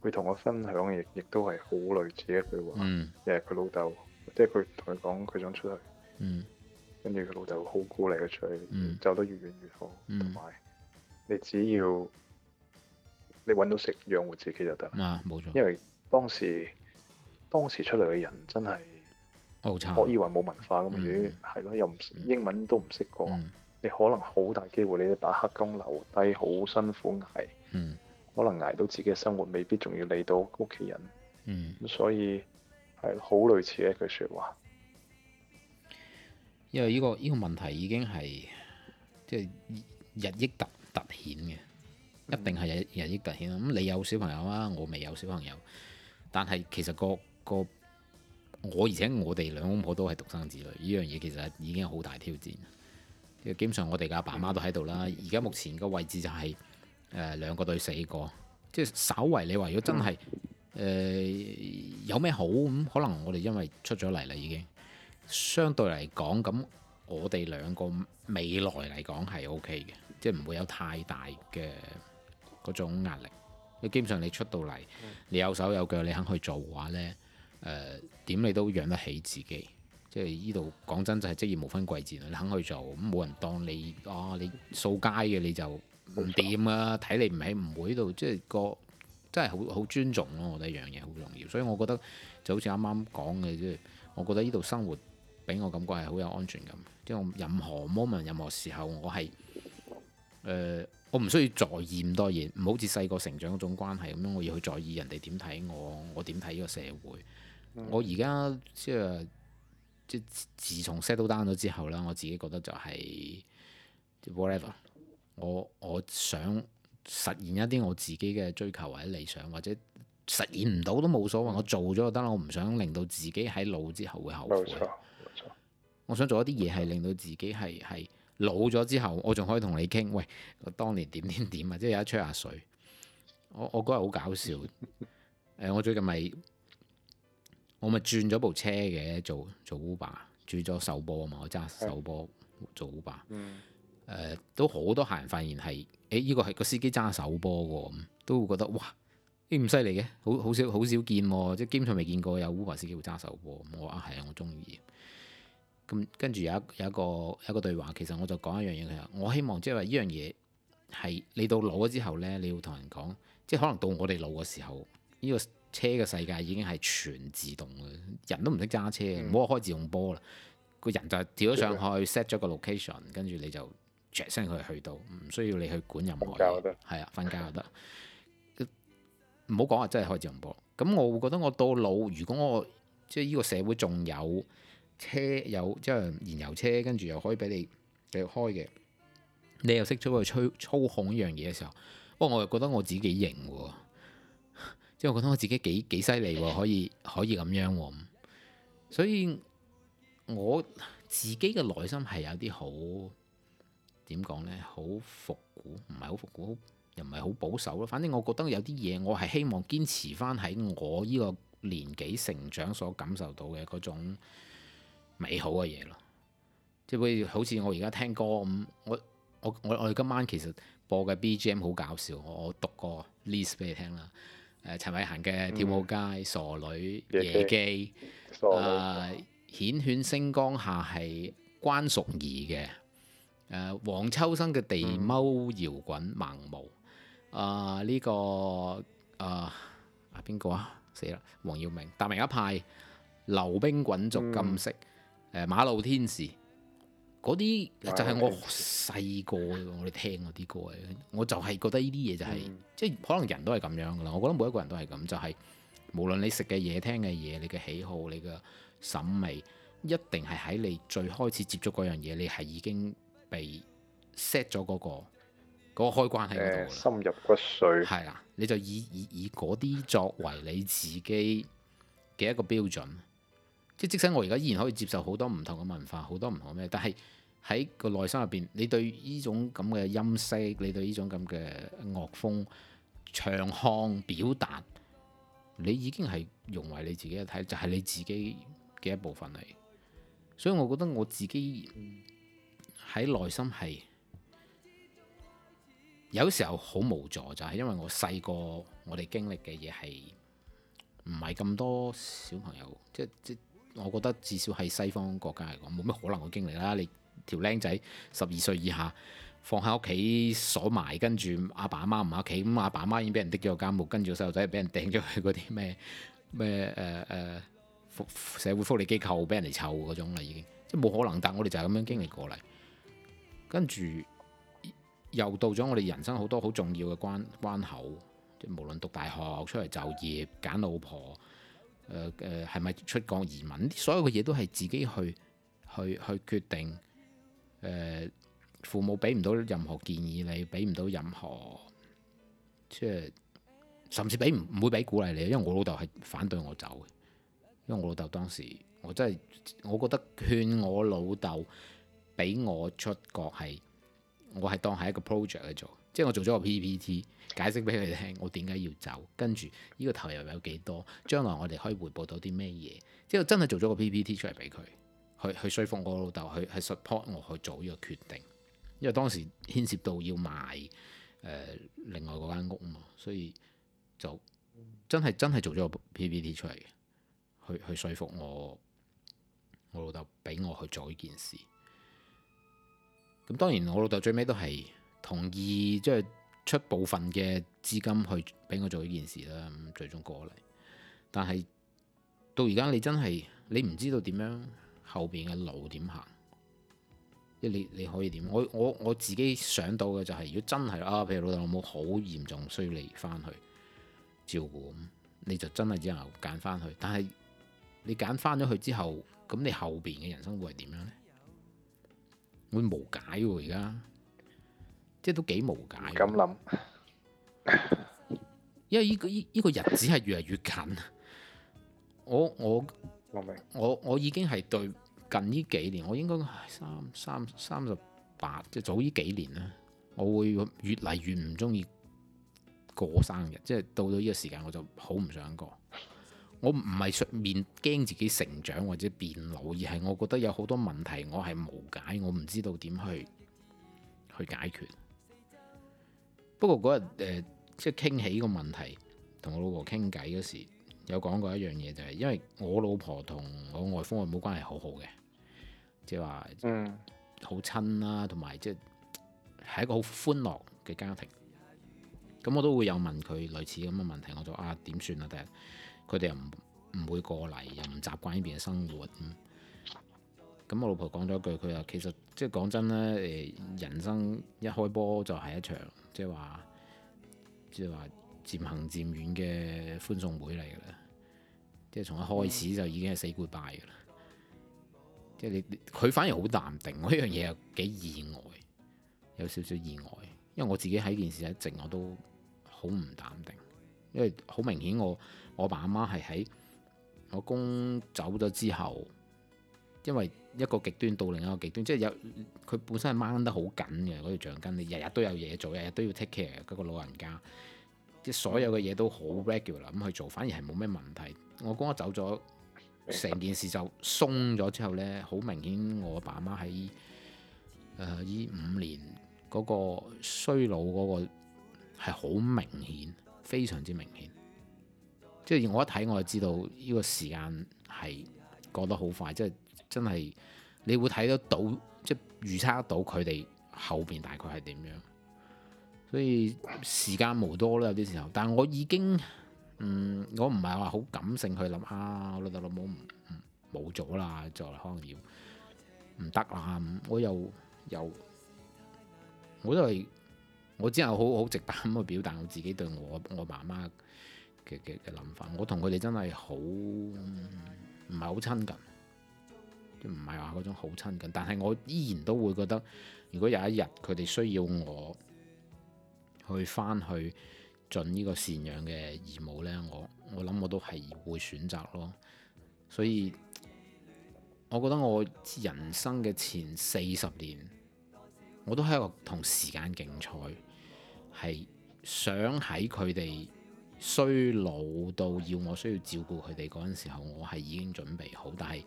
S2: 佢同、嗯、我分享，亦亦都係好類似一句話，亦係佢老豆，即係佢同佢講佢想出去，嗯。跟住佢老豆好鼓勵佢出去，嗯、走得越遠越好。同埋、嗯、你只要你揾到食養活自己就得啦，冇、啊、錯。因為當時當時出嚟嘅人真係好可以話冇文化咁，如果係咯，又唔英文都唔識講，嗯、你可能好大機會你都打黑工留低，好辛苦捱，嗯、可能捱到自己嘅生活未必仲要嚟到屋企人。咁、嗯、所以係好類似一句説話。
S1: 因為呢個依個問題已經係即係日益突突顯嘅，一定係日益日益突顯咁、嗯、你有小朋友啊，我未有小朋友，但係其實個個我而且我哋兩公婆都係獨生子女，呢樣嘢其實已經好大挑戰。基本上我哋嘅阿爸阿媽都喺度啦。而家目前個位置就係、是、誒、呃、兩個對四個，即、就、係、是、稍為你話如果真係誒、呃、有咩好咁，可能我哋因為出咗嚟啦已經。相對嚟講，咁我哋兩個未來嚟講係 O K 嘅，即係唔會有太大嘅嗰種壓力。因為基本上你出到嚟，嗯、你有手有腳，你肯去做嘅話呢，誒、呃、點你都養得起自己。即係呢度講真就係、是、職業無分貴賤，你肯去做，咁冇人當你啊你掃街嘅你就唔掂啊！睇你唔起唔會度，即係個真係好好尊重咯、啊。我覺得一樣嘢好重要，所以我覺得就好似啱啱講嘅，即係我覺得呢度生活。俾我感覺係好有安全感，即係我任何 moment，任何時候，我係誒、呃，我唔需要在意咁多嘢，唔好似細個成長嗰種關係咁樣。我要去在意人哋點睇我，我點睇呢個社會。嗯、我而家即係即係自從 set 到單咗之後啦，我自己覺得就係、就係、whatever 我。我我想實現一啲我自己嘅追求或者理想，或者實現唔到都冇所謂。我做咗就得啦。我唔想令到自己喺老之後會後悔。我想做一啲嘢，係令到自己係係老咗之後，我仲可以同你傾。喂，我當年點點點啊！即係有得吹下水。我我嗰日好搞笑。呃、我最近咪我咪轉咗部車嘅，做做 Uber，轉咗手波啊嘛。我揸手波是做 Uber、呃。都好多客人發現係誒，依、呢個係、呢個司機揸手波喎，都會覺得哇，誒咁犀利嘅，好好少好少見喎、哦，即係基本上未見過有 Uber 司機會揸手波。我啊，係啊，我鍾意。咁跟住有有一個有一個對話，其實我就講一樣嘢，其實我希望即係話呢樣嘢係你到老咗之後呢，你要同人講，即係可能到我哋老嘅時候，呢、這個車嘅世界已經係全自動嘅，人都唔識揸車，唔好、嗯、開自動波啦，個人就係跳咗上去 set 咗的個 location，跟住你就着聲佢去到，唔需要你去管任何，瞓覺就得，係啊，瞓覺就得，唔好講啊，真係開自動波。咁我會覺得我到老，如果我即係呢個社會仲有。車有即係燃油車，跟住又可以俾你嚟開嘅。你又識咗去操操控一樣嘢嘅時候，不過我我又覺得我自己型喎，即係我覺得我自己幾幾犀利，可以可以咁樣。所以我自己嘅內心係有啲好點講呢？好復古，唔係好復古，又唔係好保守咯。反正我覺得有啲嘢，我係希望堅持翻喺我呢個年紀成長所感受到嘅嗰種。美好嘅嘢咯，即係好似我而家聽歌咁，我我我哋今晚其實播嘅 BGM 好搞笑，我我讀個 list 俾你聽啦。誒、呃、陳慧嫻嘅《跳舞街》嗯，傻女夜機，誒《繾綣星光下》係關淑怡嘅，誒、呃、黃秋生嘅《地踎搖滾、嗯、盲舞》呃，這個呃、啊呢個啊啊邊個啊死啦黃耀明，達明一派溜冰滾族,族禁色。嗯誒，馬路天使嗰啲就係我細個 我哋聽嗰啲歌，我就係覺得呢啲嘢就係、是嗯、即係可能人都係咁樣噶啦。我覺得每一個人都係咁，就係、是、無論你食嘅嘢、聽嘅嘢、你嘅喜好、你嘅審美，一定係喺你最開始接觸嗰樣嘢，你係已經被 set 咗嗰個嗰個開關喺度。深入骨髓。係啦，你就以以以嗰啲作為你自己嘅一個標準。即係即使我而家依然可以接受好多唔同嘅文化，好多唔同咩，但係喺個內心入邊，你對呢種咁嘅音色，你對呢種咁嘅樂風、唱腔表達，你已經係融為你自己嘅體，就係、是、你自己嘅一部分嚟。所以，我覺得我自己喺內心係有時候好無助，就係因為我細個我哋經歷嘅嘢係唔係咁多小朋友，即係我覺得至少喺西方國家嚟講，冇乜可能會經歷啦。你條僆仔十二歲以下放喺屋企鎖埋，跟住阿爸阿媽唔喺屋企，咁阿爸阿媽已經俾人的咗個監護，跟住個細路仔俾人掟咗去嗰啲咩咩誒誒社會福利機構俾人嚟湊嗰種啦，已經即係冇可能。但我哋就係咁樣經歷過嚟，跟住又到咗我哋人生好多好重要嘅關關口，即係無論讀大學、出嚟就業、揀老婆。誒誒，係咪出國移民？所有嘅嘢都係自己去去去決定。呃、父母俾唔到任何建議你，你俾唔到任何，即係甚至俾唔唔會俾鼓勵你。因為我老豆係反對我走嘅，因為我老豆當時我真係我覺得勸我老豆俾我出國係，我係當係一個 project 去做。即係我做咗個 PPT 解釋俾佢聽，我點解要走，跟住呢個投入有幾多，將來我哋可以回報到啲咩嘢？即係真係做咗個 PPT 出嚟俾佢，去去說服我老豆去去 support 我去做呢個決定。因為當時牽涉到要賣、呃、另外嗰間屋啊嘛，所以就真係真係做咗個 PPT 出嚟，去去說服我我老豆俾我去做呢件事。咁當然我老豆最尾都係。同意即係、就是、出部分嘅資金去俾我做呢件事啦。咁最終過嚟，但係到而家你真係你唔知道點樣後邊嘅路點行，即係你你可以點？我我我自己想到嘅就係、是，如果真係啊，譬如老豆老母好嚴重需要你翻去照顧，你就真係只能揀翻去。但係你揀翻咗去之後，咁你後邊嘅人生會係點樣呢？會無解喎！而家。即係都幾無解。咁諗樣， 因為呢個呢個日子係越嚟越近。我我我我已經係對近呢幾年，我應該三三三十八，即係早呢幾年啦，我會越嚟越唔中意過生日。即係到咗呢個時間，我就好唔想過。我唔係說面驚自己成長或者變老，而係我覺得有好多問題，我係無解，我唔知道點去去解決。不過嗰日誒，即係傾起個問題，同我老婆傾偈嗰時，有講過一樣嘢，就係因為我老婆同我外父外母關係好好嘅，即係話好親啦、啊，同埋即係係一個好歡樂嘅家庭。咁我都會有問佢類似咁嘅問題，我就啊點算啊？第日佢哋又唔唔會過嚟，又唔習慣呢邊嘅生活。咁我老婆講咗一句，佢話其實即係講真咧，人生一開波就係一場，即係話即係話漸行漸遠嘅歡送會嚟嘅啦，即係從一開始就已經係 say goodbye 噶啦。即係你，佢反而好淡定，我呢樣嘢幾意外，有少少意外，因為我自己喺件事一直我都好唔淡定，因為好明顯我我爸阿媽係喺我公走咗之後，因為一個極端到另一個極端，即係有佢本身係掹得好緊嘅嗰條橡筋，你日日都有嘢做，日日都要 take care 嗰個老人家，即係所有嘅嘢都好 regular 咁去做，反而係冇咩問題。我哥走咗，成件事就鬆咗之後呢，好明顯我爸媽喺誒呢五年嗰個衰老嗰個係好明顯，非常之明顯。即係我一睇我就知道呢個時間係過得好快，即係。真係你會睇得到，即係預測得到佢哋後邊大概係點樣，所以時間無多啦，有啲時候。但係我已經，嗯，我唔係話好感性去諗下我老豆老母唔冇咗啦，再可能要唔得啦。我又又我都係我只有好好直白咁去表達我自己對我我媽媽嘅嘅嘅諗法。我同佢哋真係好唔係好親近。唔係話嗰種好親近，但係我依然都會覺得，如果有一日佢哋需要我去返去盡呢個贍養嘅義務呢，我我諗我都係會選擇咯。所以，我覺得我人生嘅前四十年，我都係一個同時間競賽，係想喺佢哋衰老到要我需要照顧佢哋嗰陣時候，我係已經準備好，但係。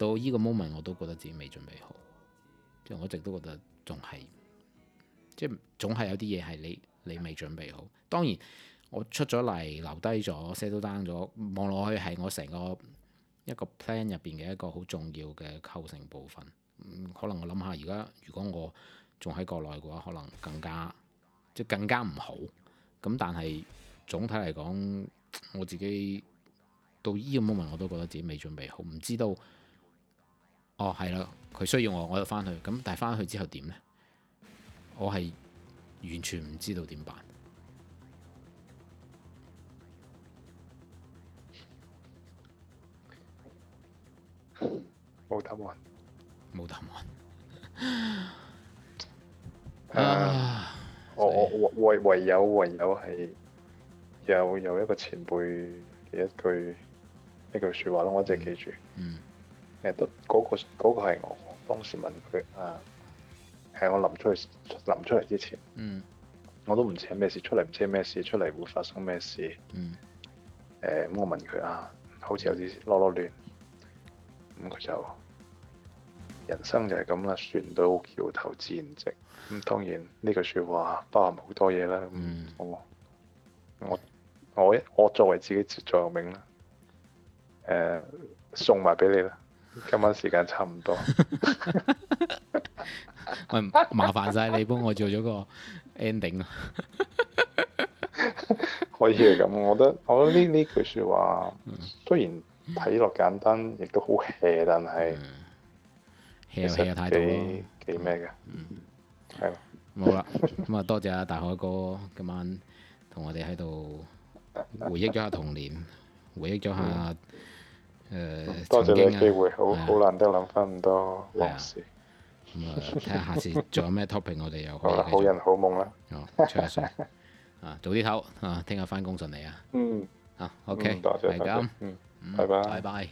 S1: 到依個 moment 我都覺得自己未準備好，即係我一直都覺得仲係，即係總係有啲嘢係你你未準備好。當然我出咗嚟留低咗 settle down 咗，望落去係我成個一個 plan 入邊嘅一個好重要嘅構成部分。嗯，可能我諗下而家如果我仲喺國內嘅話，可能更加即更加唔好。咁但係總體嚟講，我自己到依個 moment 我都覺得自己未準備好，唔知道。哦，係啦，佢需要我，我就翻去。咁但係翻去之後點呢？我係完全唔知道點辦，
S2: 冇答案，冇答案、 啊。誒以，我我唯唯有唯有係有有一個前輩嘅一句一句說話咯，我一直記住。嗯。嗯誒都嗰、嗰個係、嗰個、我當時問佢啊，係我臨出去臨出嚟之前，嗯、我都唔知係咩事出嚟，唔知係咩事出嚟，會發生咩事。誒咁、嗯呃、我問佢啊，好似有啲囉囉亂咁，佢就，人生就係咁啦，船到橋頭自然直。咁、嗯、當然呢句説話包含好多嘢啦、嗯。我我我我作為自己座右銘啦，誒、呃、送埋俾你啦。今晚時間差唔多，
S1: 喂，麻煩晒你幫我做咗個 ending 咯， 可以啊，
S2: 咁我覺得，我覺得呢呢句説話雖然睇落簡單，亦都好
S1: hea，但係 hea 又 hea 嘅態度
S2: 幾咩㗎。嗯，係，好
S1: 啦，咁啊多謝啊大海哥，今晚同我哋喺度回憶咗下童年， 回憶咗下，嗯。誒，多謝你嘅機會，
S2: 好好難得諗翻咁多往事。
S1: 咁啊，睇下下次仲有咩 topic 我哋又可以。好啦，好人好夢啦。哦，Cheers！啊，早啲唞啊，聽日翻工順利啊。嗯。啊，OK，係咁。拜拜。拜拜。